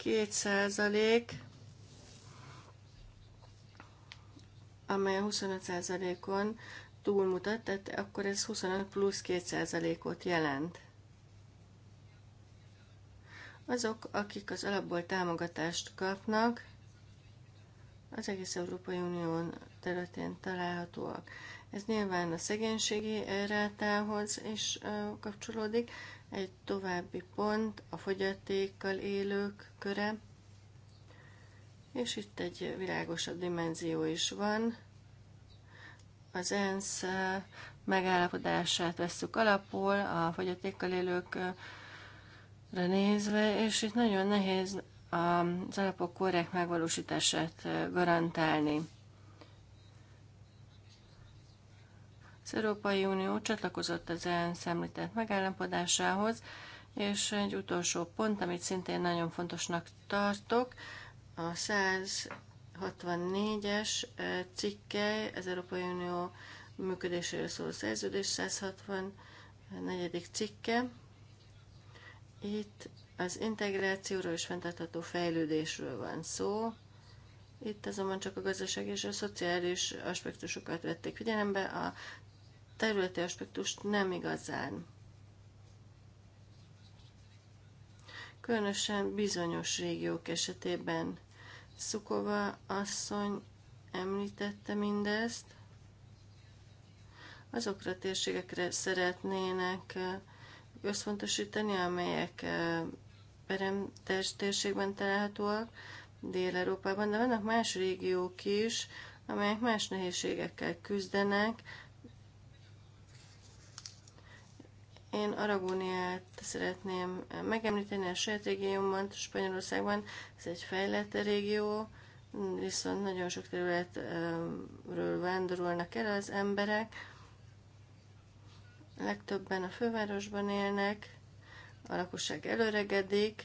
2% amely a 25%-on túlmutat, tehát akkor ez 25 plusz 2%-ot jelent. Azok, akik az alapból támogatást kapnak, az egész Európai Unión területén találhatóak. Ez nyilván a szegénységi rátához is kapcsolódik. Egy további pont a fogyatékkal élők köre, és itt egy világosabb dimenzió is van az ENSZ megállapodását veszük alapul a fogyatékkal élőkre nézve, és itt nagyon nehéz az alapok korrekt megvalósítását garantálni. Az Európai Unió csatlakozott az ENSZ említett megállapodásához, és egy utolsó pont, amit szintén nagyon fontosnak tartok, a 64-es cikke, az Európai Unió működéséről szóló szerződés 164. cikke. Itt az integrációról és fenntartható fejlődésről van szó. Itt azonban csak a gazdaság és a szociális aspektusokat vették figyelembe, a területi aspektust nem igazán. Különösen bizonyos régiók esetében Szukova asszony említette mindezt. Azokra a térségekre szeretnének összpontosítani, amelyek peremtes térségben találhatóak, Dél-Európában, de vannak más régiók is, amelyek más nehézségekkel küzdenek, Én Aragóniát szeretném megemlíteni a saját régiómban, Spanyolországban, ez egy fejlett régió, viszont nagyon sok területről vándorolnak el az emberek. Legtöbben a fővárosban élnek, a lakosság előregedik,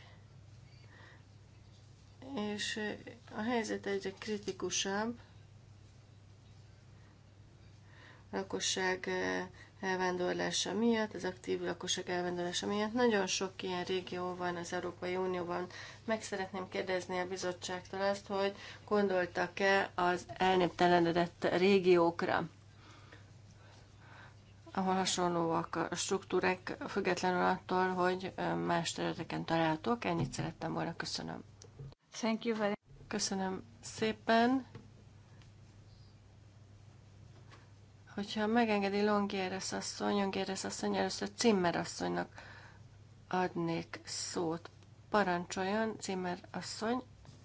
és a helyzet egyre kritikusabb. A lakosság elvándorlása miatt, az aktív lakosság elvándorlása miatt. Nagyon sok ilyen régió van az Európai Unióban. Meg szeretném kérdezni a bizottságtól azt, hogy gondoltak-e az elnéptelenedett régiókra, ahol hasonlóak a struktúrák, függetlenül attól, hogy más területeken találhatók. Ennyit szerettem volna. Köszönöm. Thank you very Köszönöm szépen. Hogyha megengedi Longieres asszony, Longieres asszony, először Cimmer asszonynak adnék szót. Parancsoljon Cimmer asszony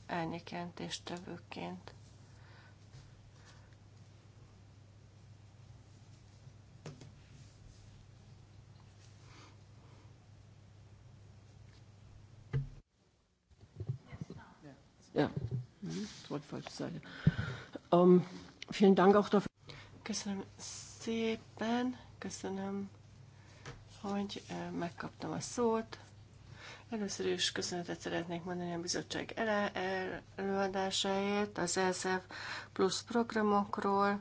elnyékjelentéstevőként. Ja, mhm. das Wort falsch sagen. Ähm, vielen Dank auch dafür. Köszönöm szépen, köszönöm, hogy eh, megkaptam a szót. Először is köszönetet szeretnék mondani a bizottság előadásáért, az ESF plusz programokról.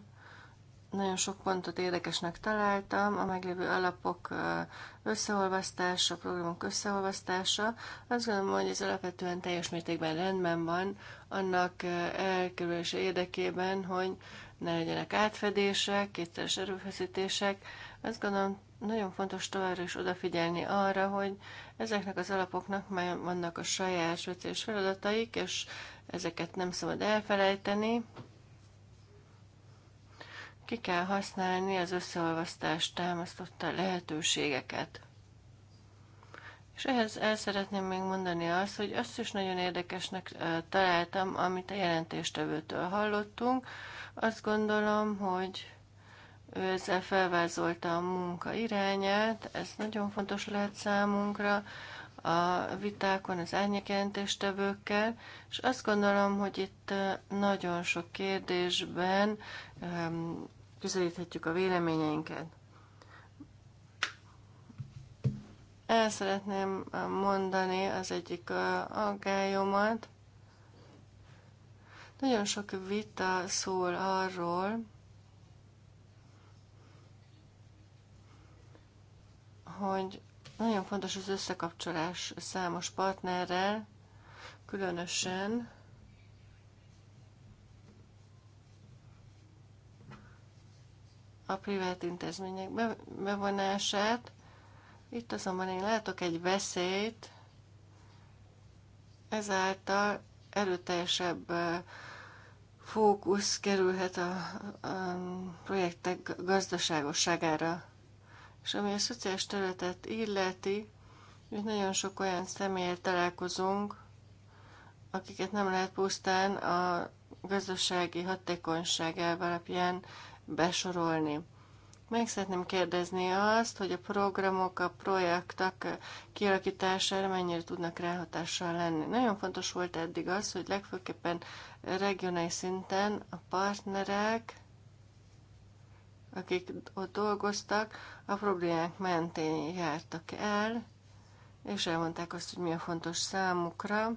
Nagyon sok pontot érdekesnek találtam, a meglévő alapok eh, összeolvasztása, programok összeolvasztása. Azt gondolom, hogy ez alapvetően teljes mértékben rendben van, annak eh, elkerülése érdekében, hogy ne legyenek átfedések, kétszeres erőfeszítések. Azt gondolom, nagyon fontos továbbra is odafigyelni arra, hogy ezeknek az alapoknak már vannak a saját speciális feladataik, és ezeket nem szabad elfelejteni. Ki kell használni az összeolvasztást támasztotta lehetőségeket. És ehhez el szeretném még mondani azt, hogy azt is nagyon érdekesnek találtam, amit a jelentéstevőtől hallottunk. Azt gondolom, hogy ő ezzel felvázolta a munka irányát, ez nagyon fontos lehet számunkra a vitákon az árnyékjelentéstevőkkel, és azt gondolom, hogy itt nagyon sok kérdésben közelíthetjük a véleményeinket. El szeretném mondani az egyik aggályomat. Nagyon sok vita szól arról, hogy nagyon fontos az összekapcsolás számos partnerrel, különösen a privát intézmények bevonását, itt azonban én látok egy veszélyt, ezáltal erőteljesebb fókusz kerülhet a, a projektek gazdaságosságára. És ami a szociális területet illeti, hogy nagyon sok olyan személyel találkozunk, akiket nem lehet pusztán a gazdasági hatékonyság elv alapján besorolni. Meg szeretném kérdezni azt, hogy a programok, a projektek kialakítására mennyire tudnak ráhatással lenni. Nagyon fontos volt eddig az, hogy legfőképpen regionális szinten a partnerek, akik ott dolgoztak, a problémák mentén jártak el, és elmondták azt, hogy mi a fontos számukra.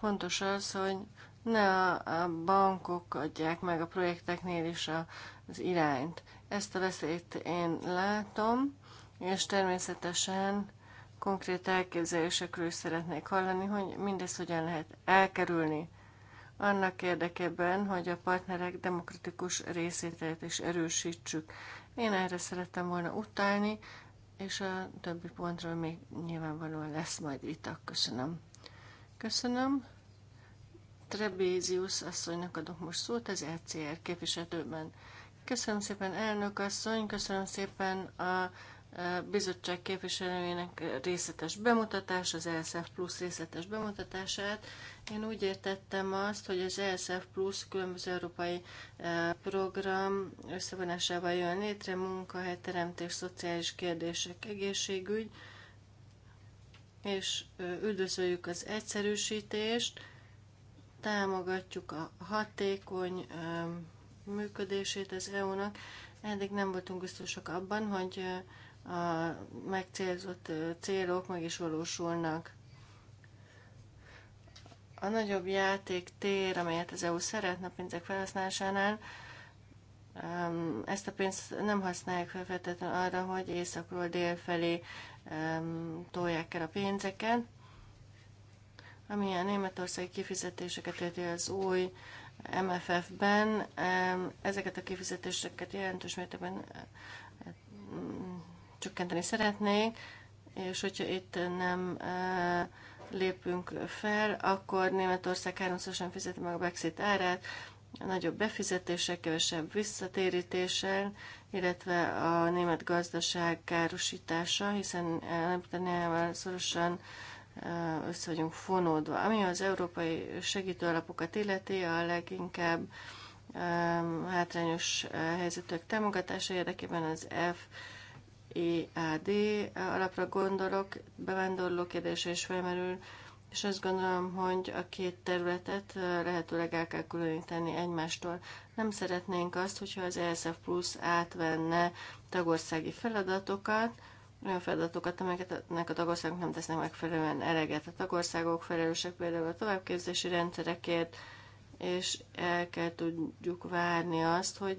Fontos az, hogy ne a, a bankok adják meg a projekteknél is a, az irányt. Ezt a veszélyt én látom, és természetesen konkrét elképzelésekről is szeretnék hallani, hogy mindezt hogyan lehet elkerülni. Annak érdekében, hogy a partnerek demokratikus részételt is erősítsük. Én erre szerettem volna utálni, és a többi pontról még nyilvánvalóan lesz majd vita. Köszönöm. Köszönöm. Trebézius asszonynak adok most szót az ECR képviselőben. Köszönöm szépen, elnök asszony, köszönöm szépen a bizottság képviselőjének részletes bemutatás, az ESF Plus részletes bemutatását. Én úgy értettem azt, hogy az ESF Plus különböző európai e, program összevonásával jön létre, munkahelyteremtés, szociális kérdések, egészségügy, és üdvözöljük az egyszerűsítést, támogatjuk a hatékony működését az EU-nak. Eddig nem voltunk biztosak abban, hogy a megcélzott célok meg is valósulnak. A nagyobb játék tér, amelyet az EU szeretne pénzek felhasználásánál, ezt a pénzt nem használják felfeltetlenül arra, hogy északról dél felé tolják el a pénzeket, ami a németországi kifizetéseket érti az új MFF-ben. Ezeket a kifizetéseket jelentős mértékben csökkenteni szeretnék, és hogyha itt nem eh, lépünk fel, akkor Németország háromszorosan fizeti meg a Brexit árát, nagyobb befizetéssel, kevesebb visszatérítéssel, illetve a német gazdaság károsítása, hiszen nem britanniával szorosan össze vagyunk fonódva. Ami az európai segítőalapokat illeti, a leginkább hátrányos helyzetűek támogatása érdekében az F EAD alapra gondolok, bevándorló kérdése is felmerül, és azt gondolom, hogy a két területet lehetőleg el kell különíteni egymástól. Nem szeretnénk azt, hogyha az ESF Plus átvenne tagországi feladatokat, olyan feladatokat, amelyeket a tagországok nem tesznek megfelelően eleget. A tagországok felelősek például a továbbképzési rendszerekért, és el kell tudjuk várni azt, hogy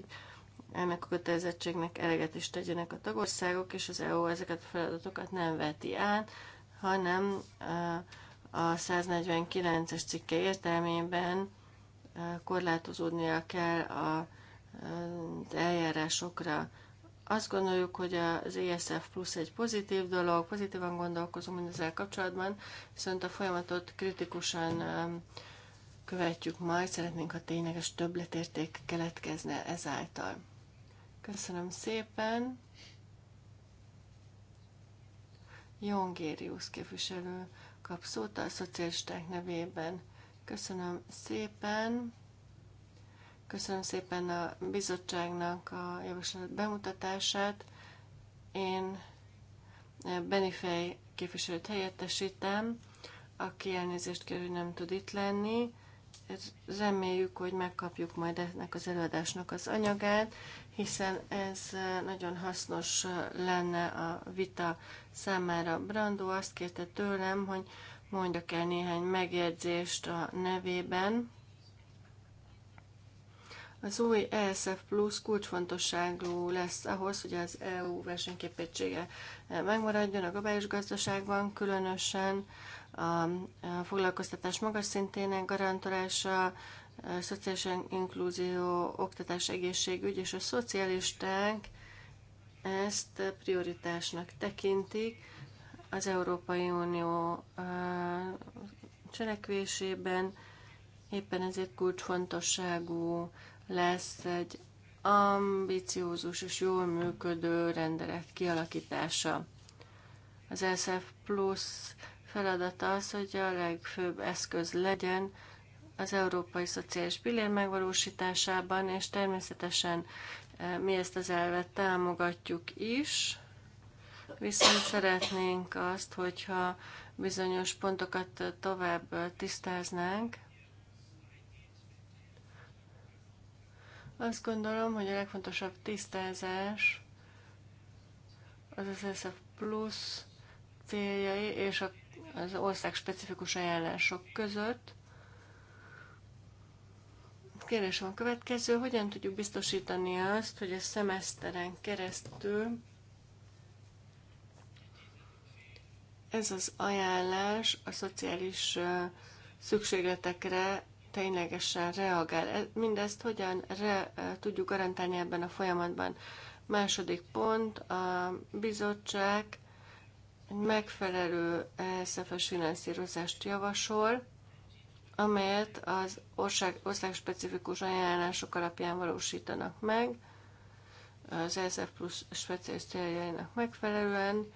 ennek a kötelezettségnek eleget is tegyenek a tagországok, és az EU ezeket a feladatokat nem veti át, hanem a 149-es cikke értelmében korlátozódnia kell az eljárásokra, azt gondoljuk, hogy az ESF plusz egy pozitív dolog, pozitívan gondolkozunk mindezzel kapcsolatban, viszont a folyamatot kritikusan um, követjük majd, szeretnénk, ha tényleges többletérték keletkezne ezáltal. Köszönöm szépen! Jongérius képviselő kap szót a szocialisták nevében. Köszönöm szépen! Köszönöm szépen a bizottságnak a javaslat bemutatását. Én eh, Benifej képviselőt helyettesítem, aki elnézést kér, hogy nem tud itt lenni. Reméljük, hogy megkapjuk majd ennek az előadásnak az anyagát, hiszen ez eh, nagyon hasznos eh, lenne a vita számára. Brandó azt kérte tőlem, hogy mondjak el néhány megjegyzést a nevében. Az új ESF Plus kulcsfontosságú lesz ahhoz, hogy az EU versenyképessége eh, megmaradjon a globális gazdaságban, különösen a foglalkoztatás magas szintének garantálása, szociális inkluzió, oktatás, egészségügy és a szocialisták ezt prioritásnak tekintik az Európai Unió eh, cselekvésében. Éppen ezért kulcsfontosságú lesz egy ambiciózus és jól működő rendelet kialakítása. Az SF Plus feladata az, hogy a legfőbb eszköz legyen az európai szociális pillér megvalósításában, és természetesen eh, mi ezt az elvet támogatjuk is, viszont szeretnénk azt, hogyha bizonyos pontokat tovább eh, tisztáznánk, Azt gondolom, hogy a legfontosabb tisztázás az az ESZF plusz céljai és az ország specifikus ajánlások között. Kérdésem a következő, hogyan tudjuk biztosítani azt, hogy a szemeszteren keresztül ez az ajánlás a szociális szükségletekre ténylegesen reagál. E- mindezt hogyan re, e, tudjuk garantálni ebben a folyamatban? Második pont, a bizottság egy megfelelő SZFS e finanszírozást javasol, amelyet az ország, országspecifikus ajánlások alapján valósítanak meg, az ESF plusz speciális céljainak megfelelően,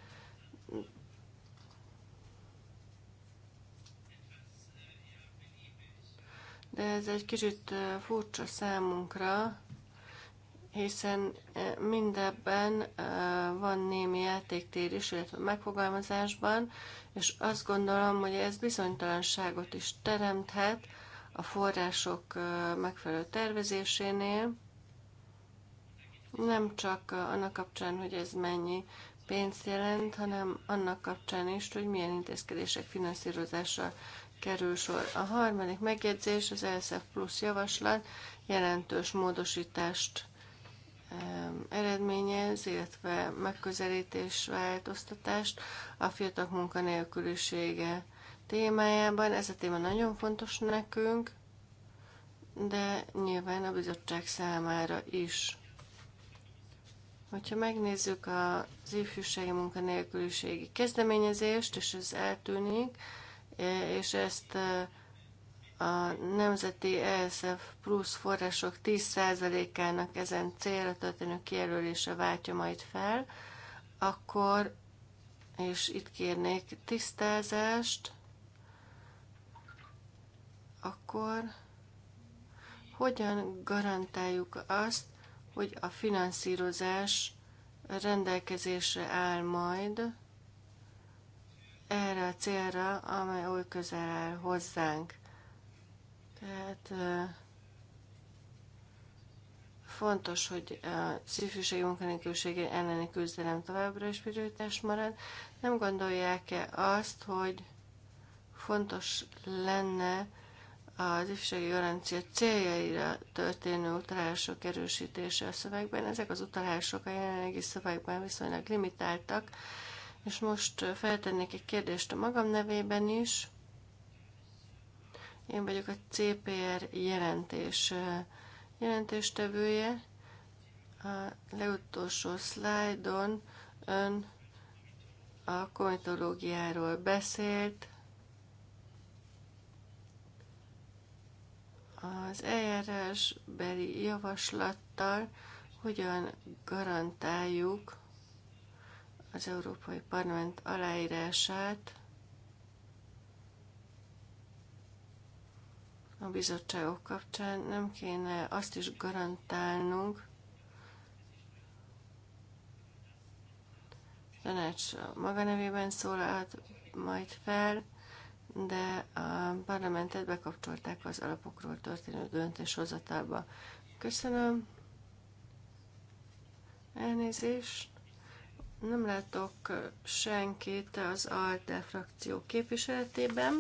De ez egy kicsit furcsa számunkra, hiszen mindebben van némi játéktér is, illetve megfogalmazásban, és azt gondolom, hogy ez bizonytalanságot is teremthet a források megfelelő tervezésénél, nem csak annak kapcsán, hogy ez mennyi pénzt jelent, hanem annak kapcsán is, hogy milyen intézkedések finanszírozása kerül sor. A harmadik megjegyzés az ESF plusz javaslat jelentős módosítást eredményez, illetve megközelítés változtatást a fiatalok munkanélkülisége témájában. Ez a téma nagyon fontos nekünk, de nyilván a bizottság számára is. Hogyha megnézzük az ifjúsági munkanélküliségi kezdeményezést, és ez eltűnik, és ezt a nemzeti ESF plusz források 10%-ának ezen célra történő kijelölése váltja majd fel, akkor, és itt kérnék tisztázást, akkor hogyan garantáljuk azt, hogy a finanszírozás rendelkezésre áll majd, erre a célra, amely oly közel áll hozzánk. Tehát fontos, hogy a szívűség munkanélkülsége elleni küzdelem továbbra is prioritás marad. Nem gondolják-e azt, hogy fontos lenne az ifjúsági garancia céljaira történő utalások erősítése a szövegben. Ezek az utalások a jelenlegi szövegben viszonylag limitáltak, és most feltennék egy kérdést a magam nevében is. Én vagyok a CPR jelentés jelentéstevője. A legutolsó szlájdon ön a komitológiáról beszélt, az eljárásbeli javaslattal hogyan garantáljuk az Európai Parlament aláírását a bizottságok kapcsán nem kéne azt is garantálnunk, tanács maga nevében szólalt majd fel, de a parlamentet bekapcsolták az alapokról történő döntéshozatalba. Köszönöm. Elnézést. Nem látok senkit az ALDE frakció képviseletében.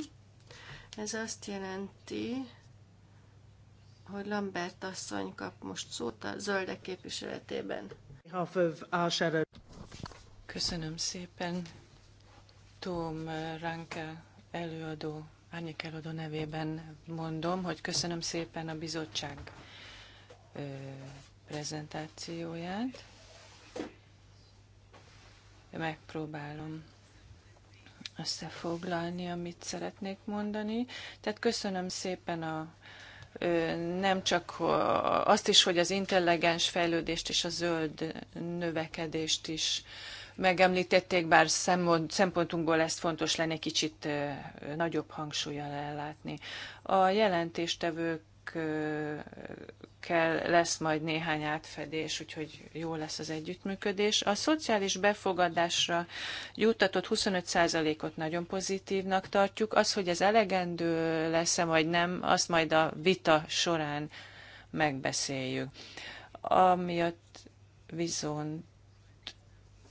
Ez azt jelenti, hogy Lambert asszony kap most szót a zölde képviseletében. Köszönöm szépen. Tom Ranke előadó, árnyék előadó nevében mondom, hogy köszönöm szépen a bizottság prezentációját megpróbálom összefoglalni, amit szeretnék mondani. Tehát köszönöm szépen a nem csak azt is, hogy az intelligens fejlődést és a zöld növekedést is megemlítették, bár szempontunkból ezt fontos lenne kicsit nagyobb hangsúlyjal ellátni. A jelentéstevők kell, lesz majd néhány átfedés, úgyhogy jó lesz az együttműködés. A szociális befogadásra juttatott 25%-ot nagyon pozitívnak tartjuk. Az, hogy ez elegendő lesz-e vagy nem, azt majd a vita során megbeszéljük. Amiatt viszont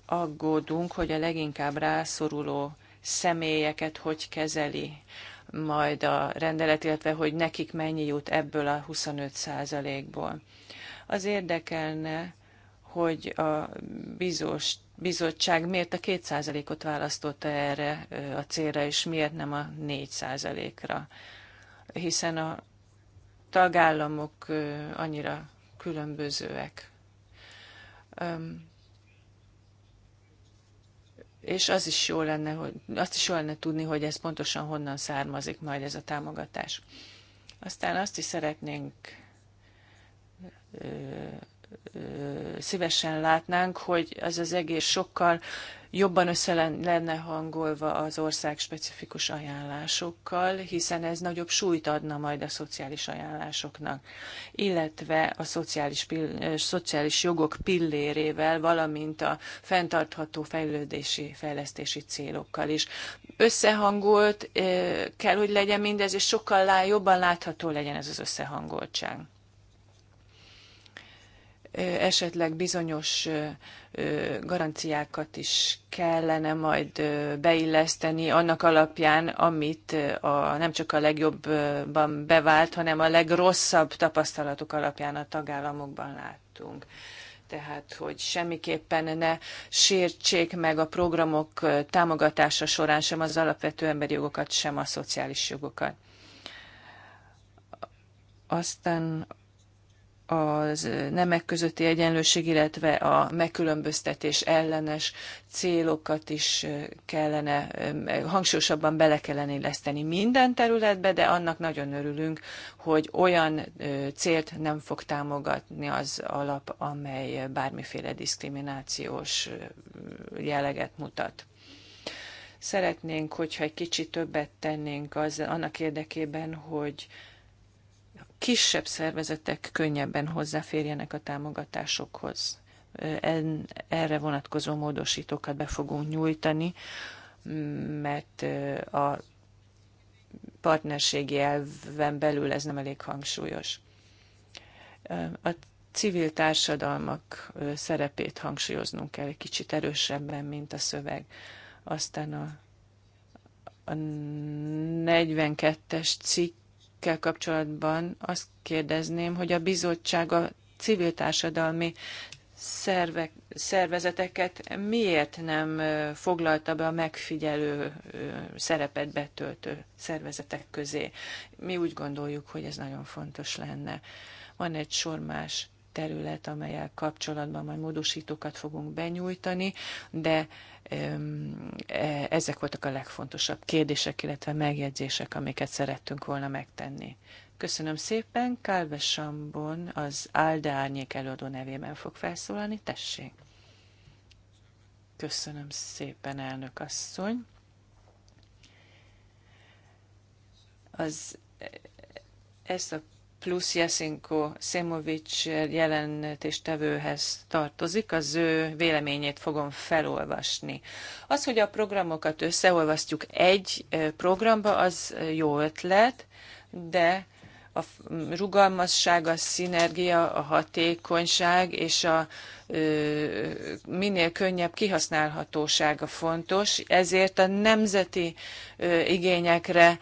aggódunk, hogy a leginkább rászoruló személyeket hogy kezeli majd a rendelet, illetve hogy nekik mennyi jut ebből a 25%-ból. Az érdekelne, hogy a bizós, bizottság miért a 2%-ot választotta erre a célra, és miért nem a 4%-ra. Hiszen a tagállamok annyira különbözőek. Um, és az is jó lenne, hogy, azt is jó lenne tudni, hogy ez pontosan honnan származik majd ez a támogatás. Aztán azt is szeretnénk ö, ö, szívesen látnánk, hogy az az egész sokkal jobban össze lenne hangolva az ország specifikus ajánlásokkal, hiszen ez nagyobb súlyt adna majd a szociális ajánlásoknak, illetve a szociális, szociális jogok pillérével, valamint a fenntartható fejlődési, fejlesztési célokkal is. Összehangolt kell, hogy legyen mindez, és sokkal jobban látható legyen ez az összehangoltság esetleg bizonyos garanciákat is kellene majd beilleszteni annak alapján, amit a, nem csak a legjobban bevált, hanem a legrosszabb tapasztalatok alapján a tagállamokban láttunk tehát hogy semmiképpen ne sértsék meg a programok támogatása során sem az alapvető emberi jogokat, sem a szociális jogokat. Aztán az nemek közötti egyenlőség, illetve a megkülönböztetés ellenes célokat is kellene, hangsúlyosabban bele kellene illeszteni minden területbe, de annak nagyon örülünk, hogy olyan célt nem fog támogatni az alap, amely bármiféle diszkriminációs jelleget mutat szeretnénk, hogyha egy kicsit többet tennénk az, annak érdekében, hogy kisebb szervezetek könnyebben hozzáférjenek a támogatásokhoz. Erre vonatkozó módosítókat be fogunk nyújtani, mert a partnerségi elven belül ez nem elég hangsúlyos. A civil társadalmak szerepét hangsúlyoznunk kell egy kicsit erősebben, mint a szöveg. Aztán a, a 42-es cikk ezekkel kapcsolatban azt kérdezném, hogy a bizottság a civil társadalmi szervek, szervezeteket miért nem foglalta be a megfigyelő szerepet betöltő szervezetek közé. Mi úgy gondoljuk, hogy ez nagyon fontos lenne. Van egy sor más terület, amelyel kapcsolatban majd módosítókat fogunk benyújtani, de e, ezek voltak a legfontosabb kérdések, illetve megjegyzések, amiket szerettünk volna megtenni. Köszönöm szépen, Kálve Sambon az Álda Árnyék előadó nevében fog felszólalni, tessék. Köszönöm szépen, elnök asszony. Az e, ezt a plusz Jeszinko Szemovics jelentéstevőhez tartozik, az ő véleményét fogom felolvasni. Az, hogy a programokat összeolvasztjuk egy eh, programba, az jó ötlet, de a rugalmasság, a szinergia, a hatékonyság és a minél könnyebb kihasználhatósága fontos, ezért a nemzeti igényekre,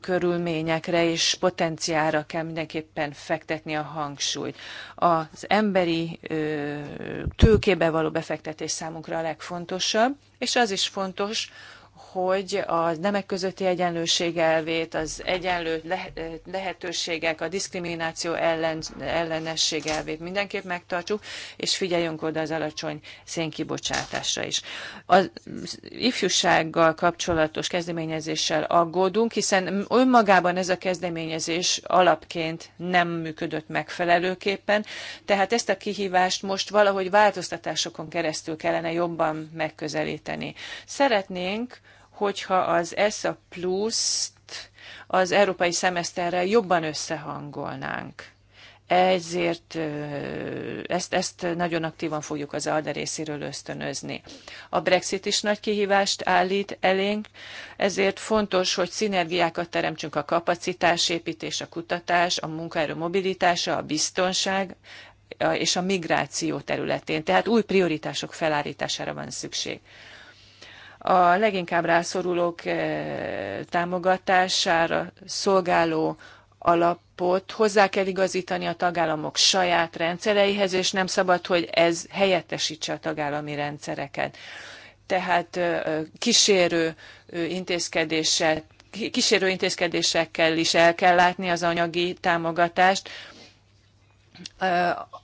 körülményekre és potenciára kell mindenképpen fektetni a hangsúlyt. Az emberi tőkébe való befektetés számunkra a legfontosabb, és az is fontos, hogy a nemek közötti egyenlőség elvét, az egyenlő lehetőségek, a diszkrimináció ellen, ellenesség elvét mindenképp megtartsuk, és figyeljünk oda az alacsony szénkibocsátásra is. Az ifjúsággal kapcsolatos kezdeményezéssel aggódunk, hiszen önmagában ez a kezdeményezés alapként nem működött megfelelőképpen, tehát ezt a kihívást most valahogy változtatásokon keresztül kellene jobban megközelíteni. Szeretnénk, hogyha az ESA pluszt az európai szemeszterrel jobban összehangolnánk. Ezért ezt, ezt nagyon aktívan fogjuk az ALDE részéről ösztönözni. A Brexit is nagy kihívást állít elénk, ezért fontos, hogy szinergiákat teremtsünk a kapacitásépítés, a kutatás, a munkaerő mobilitása, a biztonság és a migráció területén. Tehát új prioritások felállítására van szükség a leginkább rászorulók eh, támogatására szolgáló alapot hozzá kell igazítani a tagállamok saját rendszereihez, és nem szabad, hogy ez helyettesítse a tagállami rendszereket. Tehát eh, kísérő eh, intézkedéssel kísérő intézkedésekkel is el kell látni az anyagi támogatást,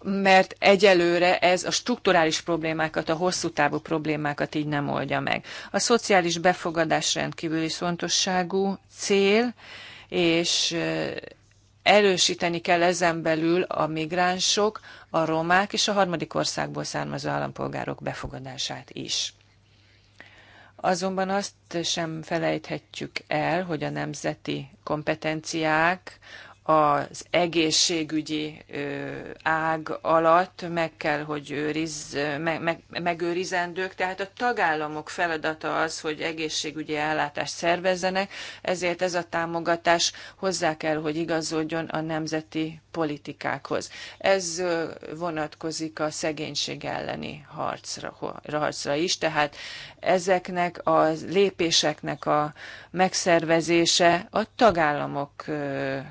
mert egyelőre ez a strukturális problémákat, a hosszú távú problémákat így nem oldja meg. A szociális befogadás rendkívüli fontosságú cél, és erősíteni kell ezen belül a migránsok, a romák és a harmadik országból származó állampolgárok befogadását is. Azonban azt sem felejthetjük el, hogy a nemzeti kompetenciák, az egészségügyi ág alatt meg kell, hogy őriz, meg, meg, megőrizendők, tehát a tagállamok feladata az, hogy egészségügyi ellátást szervezzenek, ezért ez a támogatás hozzá kell, hogy igazodjon a nemzeti politikákhoz. Ez vonatkozik a szegénység elleni harcra, harcra is, tehát ezeknek a lépéseknek a megszervezése a tagállamok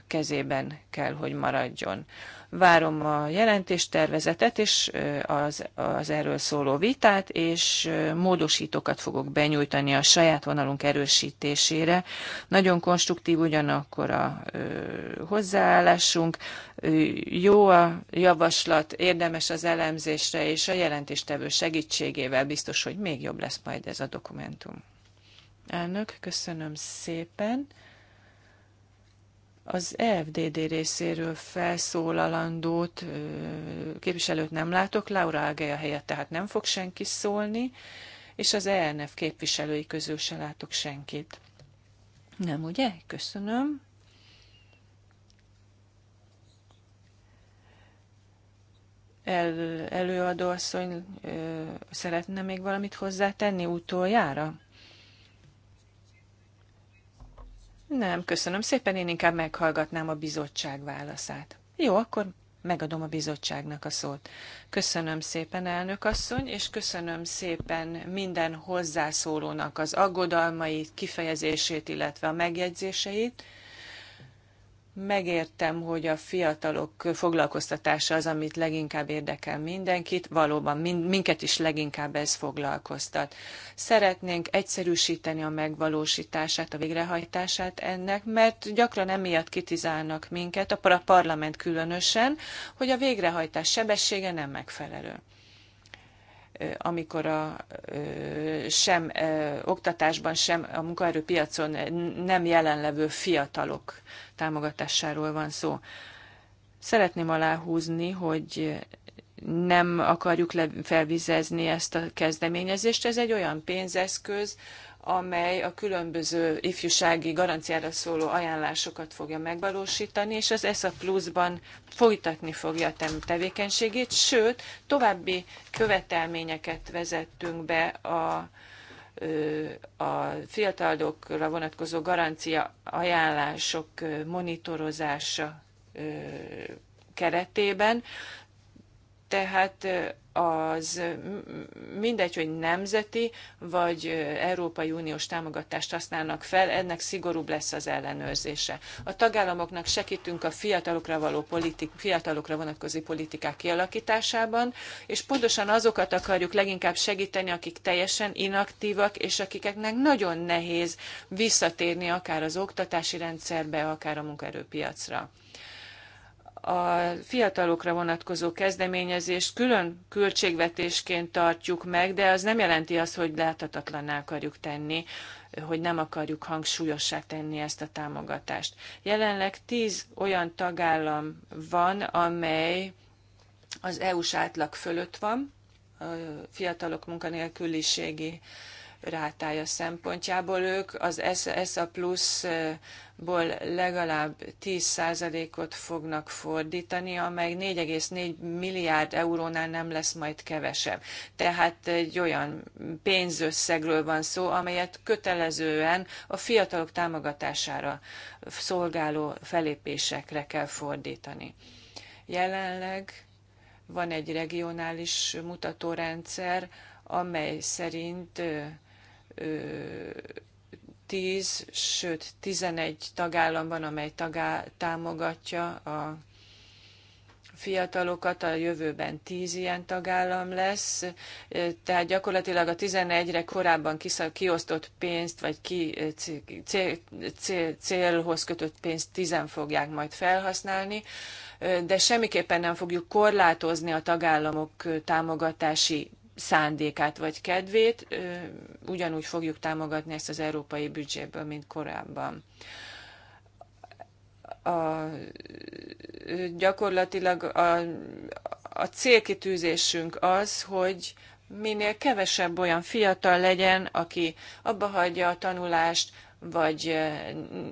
kezében kell, hogy maradjon. Várom a jelentéstervezetet és az, az erről szóló vitát, és módosítókat fogok benyújtani a saját vonalunk erősítésére. Nagyon konstruktív ugyanakkor a hozzáállásunk. Jó a javaslat, érdemes az elemzésre, és a jelentéstevő segítségével biztos, hogy még jobb lesz majd ez a dokumentum. Elnök, köszönöm szépen. Az EFDD részéről felszólalandót képviselőt nem látok, Laura Ágeja helyett tehát nem fog senki szólni, és az ENF képviselői közül se látok senkit. Nem, ugye? Köszönöm. El, ö, szeretne még valamit hozzátenni utoljára? Nem, köszönöm szépen, én inkább meghallgatnám a bizottság válaszát. Jó, akkor megadom a bizottságnak a szót. Köszönöm szépen, elnök asszony, és köszönöm szépen minden hozzászólónak az aggodalmait, kifejezését, illetve a megjegyzéseit. Megértem, hogy a fiatalok foglalkoztatása az, amit leginkább érdekel mindenkit, valóban minket is leginkább ez foglalkoztat. Szeretnénk egyszerűsíteni a megvalósítását, a végrehajtását ennek, mert gyakran emiatt kitizálnak minket, a parlament különösen, hogy a végrehajtás sebessége nem megfelelő amikor a, sem oktatásban, sem a munkaerőpiacon nem jelenlevő fiatalok támogatásáról van szó. Szeretném aláhúzni, hogy nem akarjuk felvizezni ezt a kezdeményezést. Ez egy olyan pénzeszköz, amely a különböző ifjúsági garanciára szóló ajánlásokat fogja megvalósítani, és az ESZA pluszban folytatni fogja a tevékenységét, sőt, további követelményeket vezettünk be a, a vonatkozó garancia ajánlások monitorozása keretében. Tehát az mindegy, hogy nemzeti vagy Európai Uniós támogatást használnak fel, ennek szigorúbb lesz az ellenőrzése. A tagállamoknak segítünk a fiatalokra, való politik, fiatalokra vonatkozó politikák kialakításában, és pontosan azokat akarjuk leginkább segíteni, akik teljesen inaktívak, és akiknek nagyon nehéz visszatérni akár az oktatási rendszerbe, akár a munkaerőpiacra a fiatalokra vonatkozó kezdeményezést külön költségvetésként tartjuk meg, de az nem jelenti azt, hogy láthatatlanná akarjuk tenni, hogy nem akarjuk hangsúlyossá tenni ezt a támogatást. Jelenleg tíz olyan tagállam van, amely az EU-s átlag fölött van, a fiatalok munkanélküliségi rátája szempontjából ők az ESA plusz ból legalább 10%-ot fognak fordítani, amely 4,4 milliárd eurónál nem lesz majd kevesebb. Tehát egy olyan pénzösszegről van szó, amelyet kötelezően a fiatalok támogatására szolgáló felépésekre kell fordítani. Jelenleg van egy regionális mutatórendszer, amely szerint ö, ö, 10, sőt 11 tagállam van, amely tagá- támogatja a fiatalokat, a jövőben 10 ilyen tagállam lesz, tehát gyakorlatilag a 11-re korábban kiosztott pénzt, vagy ki, cél, cél, célhoz kötött pénzt 10 fogják majd felhasználni, de semmiképpen nem fogjuk korlátozni a tagállamok támogatási szándékát vagy kedvét, ugyanúgy fogjuk támogatni ezt az európai büdzséből, mint korábban. A, gyakorlatilag a, a célkitűzésünk az, hogy minél kevesebb olyan fiatal legyen, aki abba hagyja a tanulást, vagy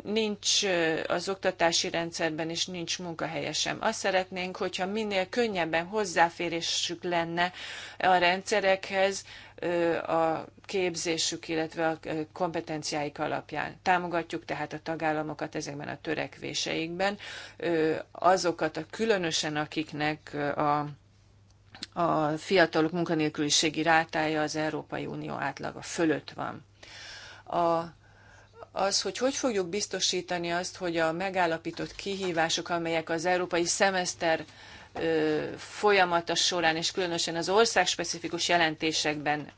nincs az oktatási rendszerben, és nincs munkahelye sem. Azt szeretnénk, hogyha minél könnyebben hozzáférésük lenne a rendszerekhez a képzésük, illetve a kompetenciáik alapján. Támogatjuk tehát a tagállamokat ezekben a törekvéseikben, azokat a különösen, akiknek a a fiatalok munkanélküliségi rátája az Európai Unió átlaga fölött van. A az, hogy hogy fogjuk biztosítani azt, hogy a megállapított kihívások, amelyek az európai szemeszter folyamata során, és különösen az országspecifikus jelentésekben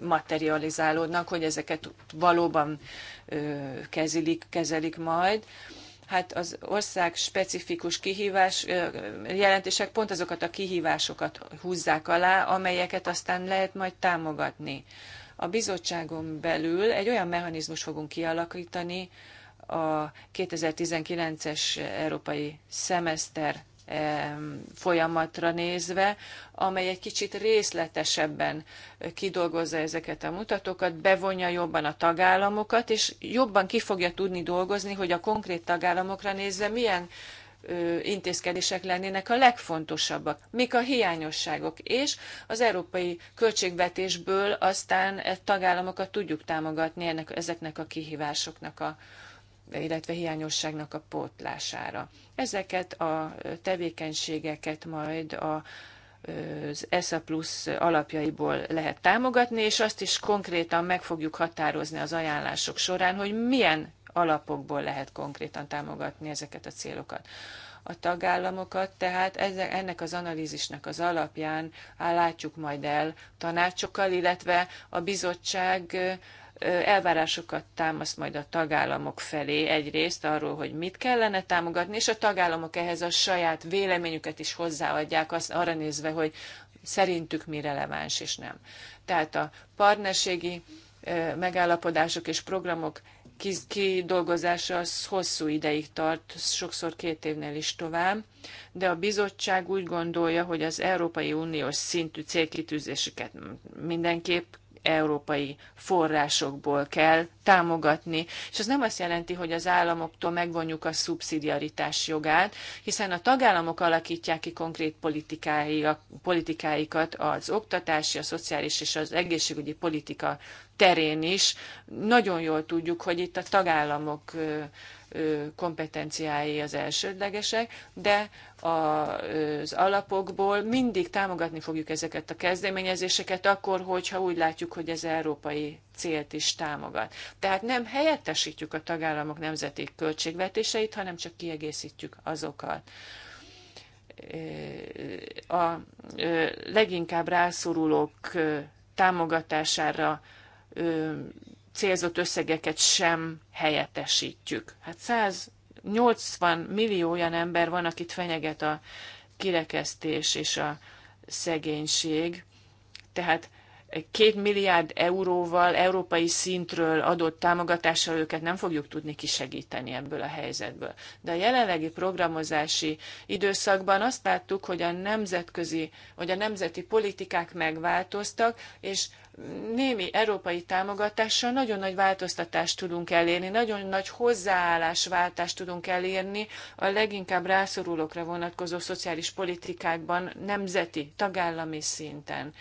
materializálódnak, hogy ezeket valóban kezelik, kezelik majd. Hát az ország specifikus kihívás, jelentések pont azokat a kihívásokat húzzák alá, amelyeket aztán lehet majd támogatni a bizottságon belül egy olyan mechanizmus fogunk kialakítani a 2019-es európai szemeszter folyamatra nézve, amely egy kicsit részletesebben kidolgozza ezeket a mutatókat, bevonja jobban a tagállamokat, és jobban ki fogja tudni dolgozni, hogy a konkrét tagállamokra nézve milyen intézkedések lennének a legfontosabbak, mik a hiányosságok, és az európai költségvetésből aztán e tagállamokat tudjuk támogatni ennek, ezeknek a kihívásoknak a illetve hiányosságnak a pótlására. Ezeket a tevékenységeket majd a az ESA plusz alapjaiból lehet támogatni, és azt is konkrétan meg fogjuk határozni az ajánlások során, hogy milyen alapokból lehet konkrétan támogatni ezeket a célokat. A tagállamokat tehát ennek az analízisnek az alapján látjuk majd el tanácsokkal, illetve a bizottság elvárásokat támaszt majd a tagállamok felé egyrészt arról, hogy mit kellene támogatni, és a tagállamok ehhez a saját véleményüket is hozzáadják, azt arra nézve, hogy szerintük mi releváns és nem. Tehát a partnerségi megállapodások és programok kidolgozása az hosszú ideig tart, sokszor két évnél is tovább, de a bizottság úgy gondolja, hogy az Európai Uniós szintű célkitűzéseket mindenképp európai forrásokból kell támogatni. És ez nem azt jelenti, hogy az államoktól megvonjuk a szubszidiaritás jogát, hiszen a tagállamok alakítják ki konkrét politikáikat az oktatási, a szociális és az egészségügyi politika terén is. Nagyon jól tudjuk, hogy itt a tagállamok kompetenciái az elsődlegesek, de az alapokból mindig támogatni fogjuk ezeket a kezdeményezéseket akkor, hogyha úgy látjuk, hogy ez európai célt is támogat. Tehát nem helyettesítjük a tagállamok nemzeti költségvetéseit, hanem csak kiegészítjük azokat a leginkább rászorulók támogatására célzott összegeket sem helyettesítjük. Hát 180 millió olyan ember van, akit fenyeget a kirekesztés és a szegénység. Tehát két milliárd euróval, európai szintről adott támogatással őket nem fogjuk tudni kisegíteni ebből a helyzetből. De a jelenlegi programozási időszakban azt láttuk, hogy a nemzetközi, hogy a nemzeti politikák megváltoztak, és némi európai támogatással nagyon nagy változtatást tudunk elérni, nagyon nagy hozzáállásváltást tudunk elérni a leginkább rászorulókra vonatkozó szociális politikákban, nemzeti, tagállami szinten.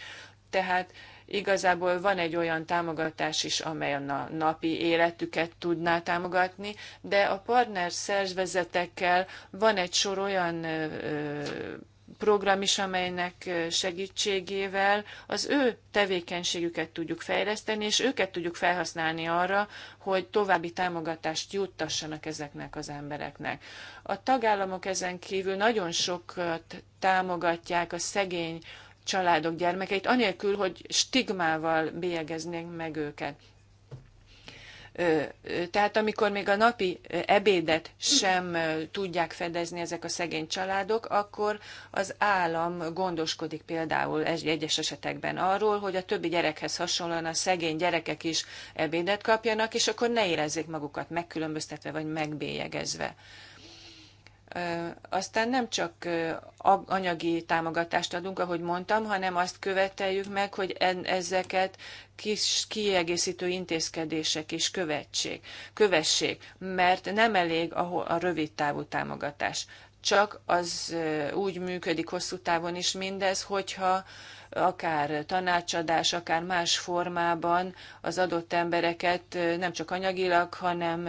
Tehát Igazából van egy olyan támogatás is, amely a napi életüket tudná támogatni, de a partner szervezetekkel van egy sor olyan program is, amelynek segítségével az ő tevékenységüket tudjuk fejleszteni, és őket tudjuk felhasználni arra, hogy további támogatást juttassanak ezeknek az embereknek. A tagállamok ezen kívül nagyon sokat támogatják a szegény családok gyermekeit, anélkül, hogy stigmával bélyegeznénk meg őket. Tehát amikor még a napi ebédet sem tudják fedezni ezek a szegény családok, akkor az állam gondoskodik például egyes esetekben arról, hogy a többi gyerekhez hasonlóan a szegény gyerekek is ebédet kapjanak, és akkor ne érezzék magukat megkülönböztetve vagy megbélyegezve. Aztán nem csak anyagi támogatást adunk, ahogy mondtam, hanem azt követeljük meg, hogy ezeket kis kiegészítő intézkedések is követség, kövessék, mert nem elég a, a rövid távú támogatás. Csak az úgy működik hosszú távon is mindez, hogyha akár tanácsadás, akár más formában az adott embereket nem csak anyagilag, hanem,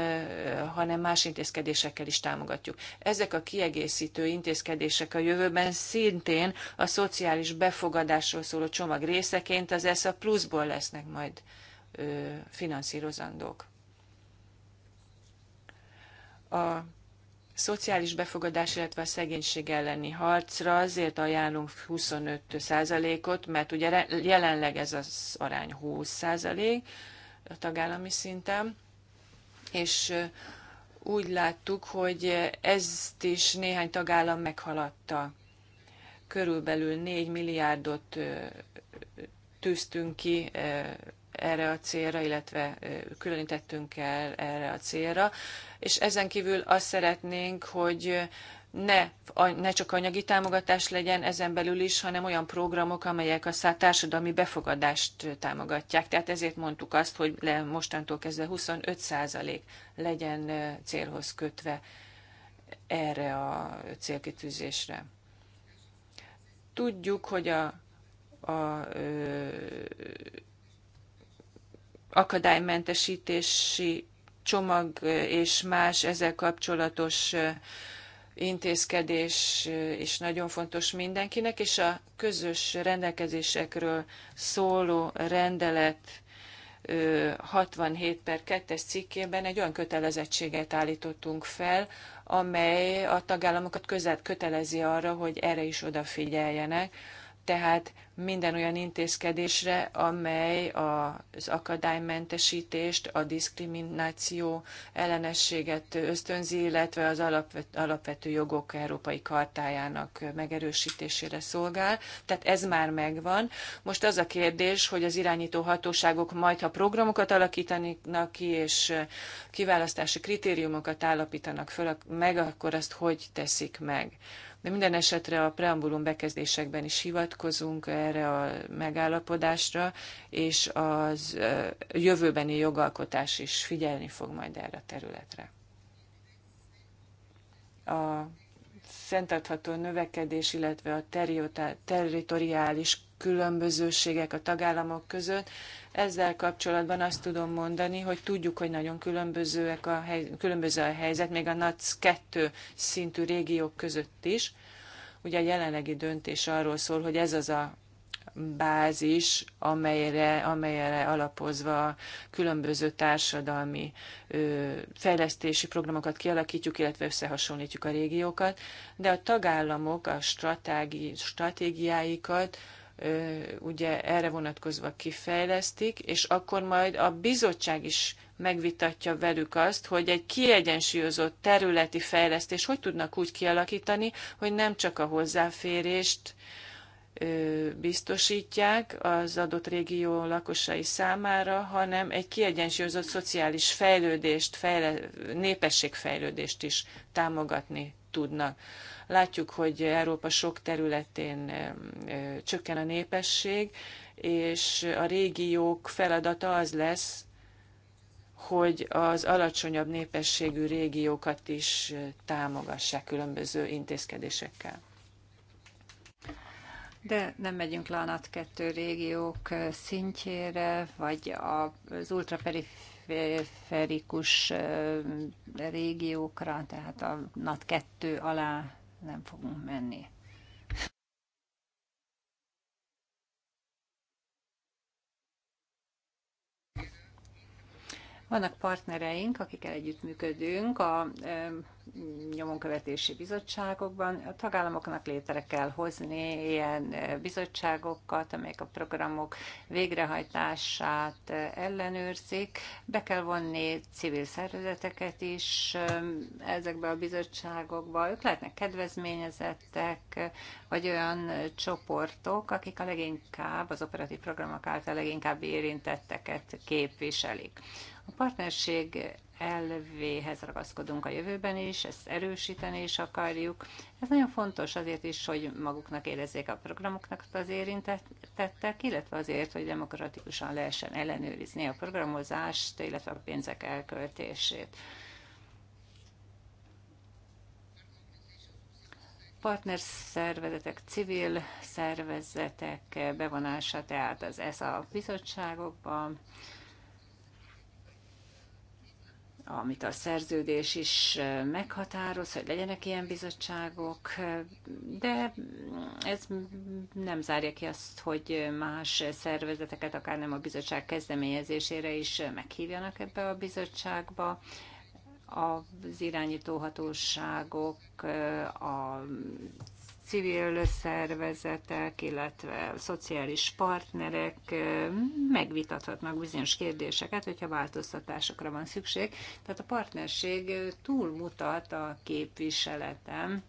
hanem más intézkedésekkel is támogatjuk. Ezek a kiegészítő intézkedések a jövőben szintén a szociális befogadásról szóló csomag részeként az ESZA pluszból lesznek majd finanszírozandók. A szociális befogadás, illetve a szegénység elleni harcra azért ajánlunk 25 százalékot, mert ugye jelenleg ez az arány 20% a tagállami szinten, és úgy láttuk, hogy ezt is néhány tagállam meghaladta. Körülbelül 4 milliárdot tűztünk ki erre a célra, illetve különítettünk el erre a célra, és ezen kívül azt szeretnénk, hogy ne, ne csak anyagi támogatás legyen ezen belül is, hanem olyan programok, amelyek a társadalmi befogadást támogatják. Tehát ezért mondtuk azt, hogy le, mostantól kezdve 25% legyen célhoz kötve erre a célkitűzésre. Tudjuk, hogy a, a ö, akadálymentesítési csomag és más ezzel kapcsolatos intézkedés is nagyon fontos mindenkinek, és a közös rendelkezésekről szóló rendelet 67 per 2-es cikkében egy olyan kötelezettséget állítottunk fel, amely a tagállamokat közel kötelezi arra, hogy erre is odafigyeljenek. Tehát minden olyan intézkedésre, amely az akadálymentesítést, a diszkrimináció ellenességet ösztönzi, illetve az alapvető jogok Európai Kartájának megerősítésére szolgál. Tehát ez már megvan. Most az a kérdés, hogy az irányító hatóságok majd, ha programokat alakítanak ki, és kiválasztási kritériumokat állapítanak föl, meg akkor azt hogy teszik meg de minden esetre a preambulum bekezdésekben is hivatkozunk erre a megállapodásra, és az jövőbeni jogalkotás is figyelni fog majd erre a területre. A fenntartható növekedés, illetve a teritoriális különbözőségek a tagállamok között. Ezzel kapcsolatban azt tudom mondani, hogy tudjuk, hogy nagyon különbözőek a hely, különböző a helyzet, még a NAC 2 szintű régiók között is. Ugye a jelenlegi döntés arról szól, hogy ez az a bázis, amelyre, amelyre alapozva különböző társadalmi ö, fejlesztési programokat kialakítjuk, illetve összehasonlítjuk a régiókat, de a tagállamok a stratégi, stratégiáikat ugye erre vonatkozva kifejlesztik, és akkor majd a bizottság is megvitatja velük azt, hogy egy kiegyensúlyozott területi fejlesztés hogy tudnak úgy kialakítani, hogy nem csak a hozzáférést biztosítják az adott régió lakosai számára, hanem egy kiegyensúlyozott szociális fejlődést, fejle, népességfejlődést is támogatni tudnak. Látjuk, hogy Európa sok területén csökken a népesség, és a régiók feladata az lesz, hogy az alacsonyabb népességű régiókat is támogassák különböző intézkedésekkel. De nem megyünk le a NAT 2 régiók szintjére, vagy az ultraperiferikus régiókra, tehát a NAT 2 alá nem fogunk menni. Vannak partnereink, akikkel együttműködünk a nyomonkövetési bizottságokban. A tagállamoknak létre kell hozni ilyen bizottságokat, amelyek a programok végrehajtását ellenőrzik. Be kell vonni civil szervezeteket is ezekbe a bizottságokba. Ők lehetnek kedvezményezettek, vagy olyan csoportok, akik a leginkább az operatív programok által leginkább érintetteket képviselik. A partnerség elvéhez ragaszkodunk a jövőben is, ezt erősíteni is akarjuk. Ez nagyon fontos azért is, hogy maguknak érezzék a programoknak az érintettek, illetve azért, hogy demokratikusan lehessen ellenőrizni a programozást, illetve a pénzek elköltését. partnerszervezetek, civil szervezetek bevonása, tehát az a bizottságokban, amit a szerződés is meghatároz, hogy legyenek ilyen bizottságok, de ez nem zárja ki azt, hogy más szervezeteket, akár nem a bizottság kezdeményezésére is meghívjanak ebbe a bizottságba. Az irányítóhatóságok, a civil szervezetek, illetve szociális partnerek megvitathatnak bizonyos kérdéseket, hogyha változtatásokra van szükség. Tehát a partnerség túlmutat a képviseletem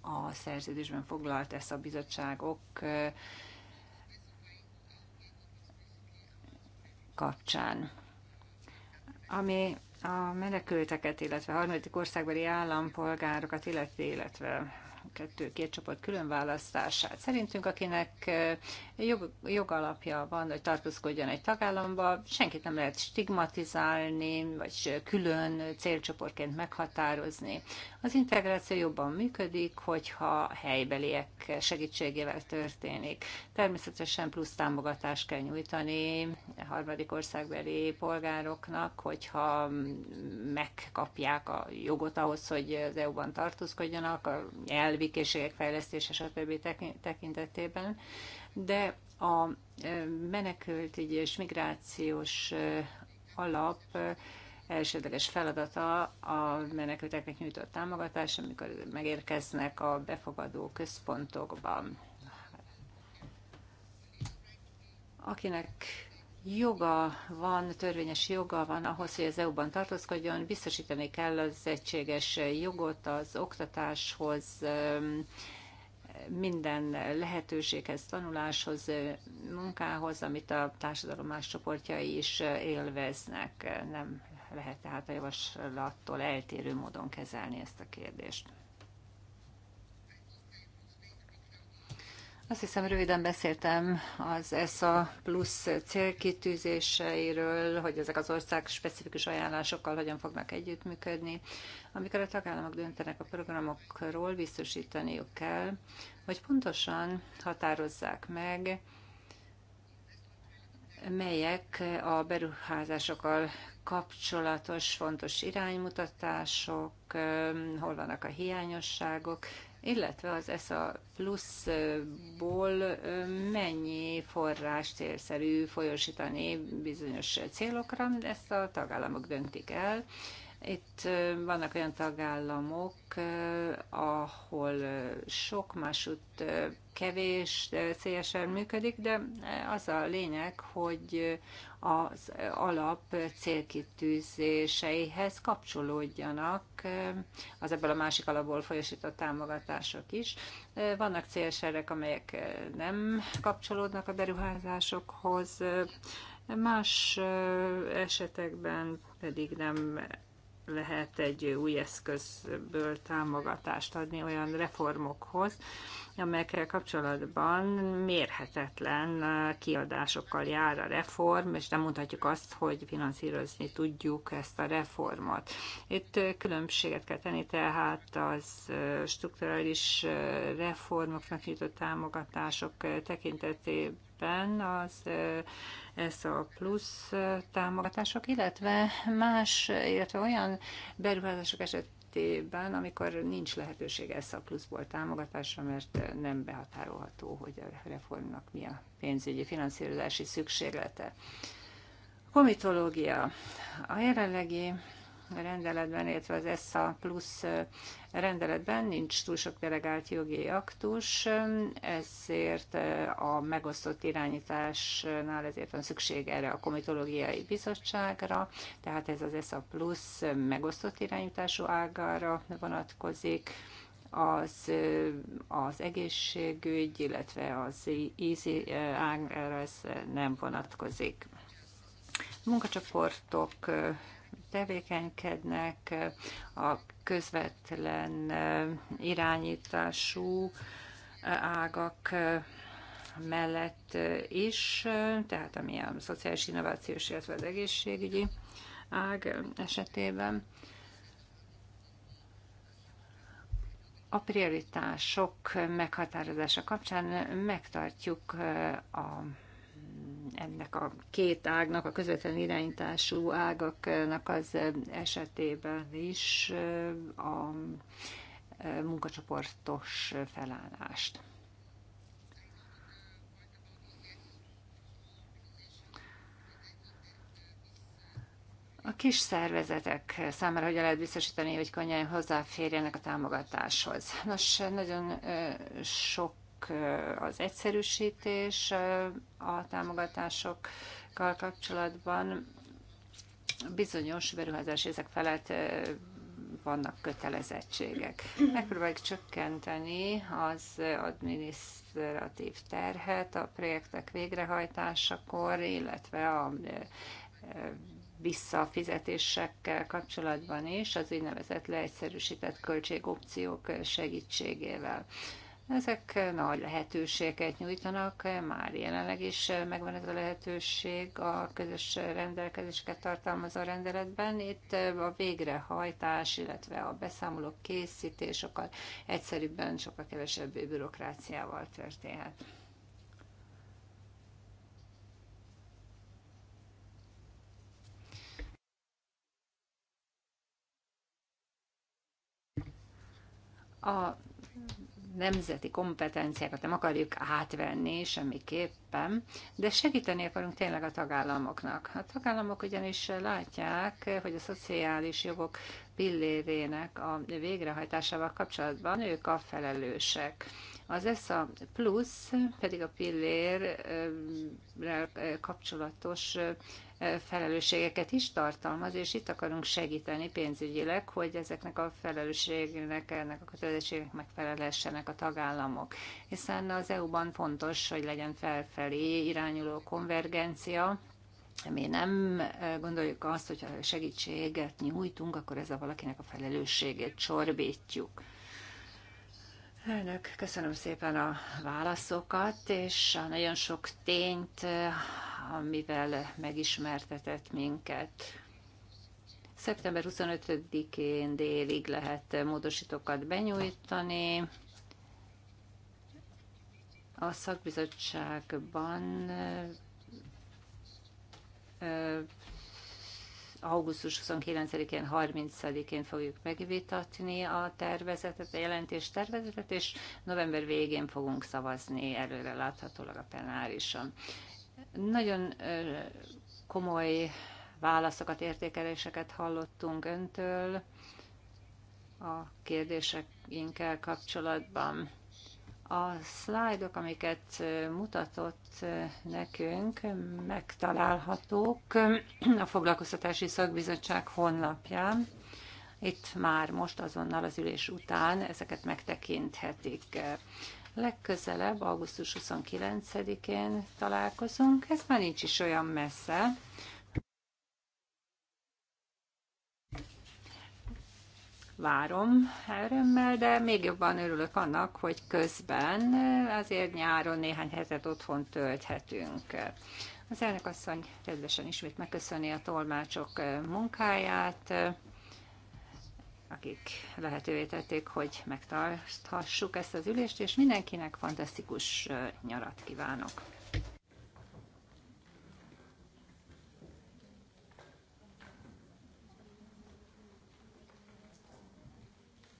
a szerződésben foglalt ezt a bizottságok kapcsán. Ami a menekülteket, illetve harmadik országbeli állampolgárokat illetve, illetve kettő, két csoport választását. Szerintünk, akinek jog, jogalapja van, hogy tartózkodjon egy tagállamba, senkit nem lehet stigmatizálni, vagy külön célcsoportként meghatározni. Az integráció jobban működik, hogyha helybeliek segítségével történik. Természetesen plusz támogatást kell nyújtani a harmadik országbeli polgároknak, hogyha megkapják a jogot ahhoz, hogy az EU-ban tartózkodjanak, a nyelv nyelvi készségek fejlesztése, stb. tekintetében, de a menekült így, és migrációs alap elsődleges feladata a menekülteknek nyújtott támogatás, amikor megérkeznek a befogadó központokban. Akinek joga van, törvényes joga van ahhoz, hogy az EU-ban tartózkodjon, biztosítani kell az egységes jogot az oktatáshoz, minden lehetőséghez, tanuláshoz, munkához, amit a társadalom más csoportjai is élveznek. Nem lehet tehát a javaslattól eltérő módon kezelni ezt a kérdést. Azt hiszem, röviden beszéltem az ESA plusz célkitűzéseiről, hogy ezek az ország specifikus ajánlásokkal hogyan fognak együttműködni. Amikor a tagállamok döntenek a programokról, biztosítaniuk kell, hogy pontosan határozzák meg, melyek a beruházásokkal kapcsolatos fontos iránymutatások, hol vannak a hiányosságok, illetve az ESA pluszból mennyi forrás célszerű folyosítani bizonyos célokra, ezt a tagállamok döntik el, itt vannak olyan tagállamok, ahol sok másút kevés CSR működik, de az a lényeg, hogy az alap célkitűzéseihez kapcsolódjanak az ebből a másik alapból folyosított támogatások is. Vannak célserek, amelyek nem kapcsolódnak a beruházásokhoz, más esetekben pedig nem lehet egy új eszközből támogatást adni olyan reformokhoz, amelyekkel kapcsolatban mérhetetlen kiadásokkal jár a reform, és nem mondhatjuk azt, hogy finanszírozni tudjuk ezt a reformot. Itt különbséget kell tenni, tehát az strukturális reformoknak nyújtott támogatások tekintetében esetben az a plusz támogatások, illetve más, illetve olyan beruházások esetében, amikor nincs lehetőség a pluszból támogatásra, mert nem behatárolható, hogy a reformnak mi a pénzügyi finanszírozási szükséglete. Komitológia. A jelenlegi rendeletben, illetve az ESSA plusz rendeletben nincs túl sok delegált jogi aktus, ezért a megosztott irányításnál ezért van szükség erre a komitológiai bizottságra, tehát ez az ESSA plusz megosztott irányítású ágára vonatkozik, az, az egészségügy, illetve az ízi ágára, ez nem vonatkozik munkacsoportok tevékenykednek, a közvetlen irányítású ágak mellett is, tehát ami a szociális innovációs, illetve az egészségügyi ág esetében. A prioritások meghatározása kapcsán megtartjuk a ennek a két ágnak, a közvetlen irányítású ágaknak az esetében is a munkacsoportos felállást. A kis szervezetek számára hogyan lehet biztosítani, hogy könnyen hozzáférjenek a támogatáshoz? Nos, nagyon sok az egyszerűsítés a támogatásokkal kapcsolatban. Bizonyos beruházási ezek felett vannak kötelezettségek. Megpróbáljuk csökkenteni az adminisztratív terhet a projektek végrehajtásakor, illetve a visszafizetésekkel kapcsolatban is, az úgynevezett leegyszerűsített költségopciók segítségével. Ezek nagy lehetőséget nyújtanak, már jelenleg is megvan ez a lehetőség a közös rendelkezéseket tartalmazó rendeletben. Itt a végrehajtás, illetve a beszámolók készítés sokkal egyszerűbben, sokkal kevesebb bürokráciával történhet. A nemzeti kompetenciákat nem akarjuk átvenni semmiképpen, de segíteni akarunk tényleg a tagállamoknak. A tagállamok ugyanis látják, hogy a szociális jogok pillérének a végrehajtásával kapcsolatban ők a felelősek. Az ESZA plusz pedig a pillérrel kapcsolatos felelősségeket is tartalmaz, és itt akarunk segíteni pénzügyileg, hogy ezeknek a felelősségnek, ennek a kötelezettségnek megfelelhessenek a tagállamok. Hiszen az EU-ban fontos, hogy legyen felfelé irányuló konvergencia, mi nem gondoljuk azt, hogyha segítséget nyújtunk, akkor ez a valakinek a felelősségét csorbítjuk. Elnök, köszönöm szépen a válaszokat, és a nagyon sok tényt, amivel megismertetett minket. Szeptember 25-én délig lehet módosítókat benyújtani. A szakbizottságban augusztus 29-én, 30-én fogjuk megvitatni a tervezetet, a jelentés tervezetet, és november végén fogunk szavazni előre láthatólag a plenárison. Nagyon komoly válaszokat, értékeléseket hallottunk öntől a kérdéseinkkel kapcsolatban. A szlájdok, amiket mutatott nekünk, megtalálhatók a Foglalkoztatási Szakbizottság honlapján. Itt már most azonnal az ülés után ezeket megtekinthetik. Legközelebb, augusztus 29-én találkozunk, ez már nincs is olyan messze, várom örömmel, de még jobban örülök annak, hogy közben eh, azért nyáron néhány hetet otthon tölthetünk. Az elnök asszony kedvesen ismét megköszöni a tolmácsok eh, munkáját, eh, akik lehetővé tették, hogy megtarthassuk ezt az ülést, és mindenkinek fantasztikus nyarat kívánok!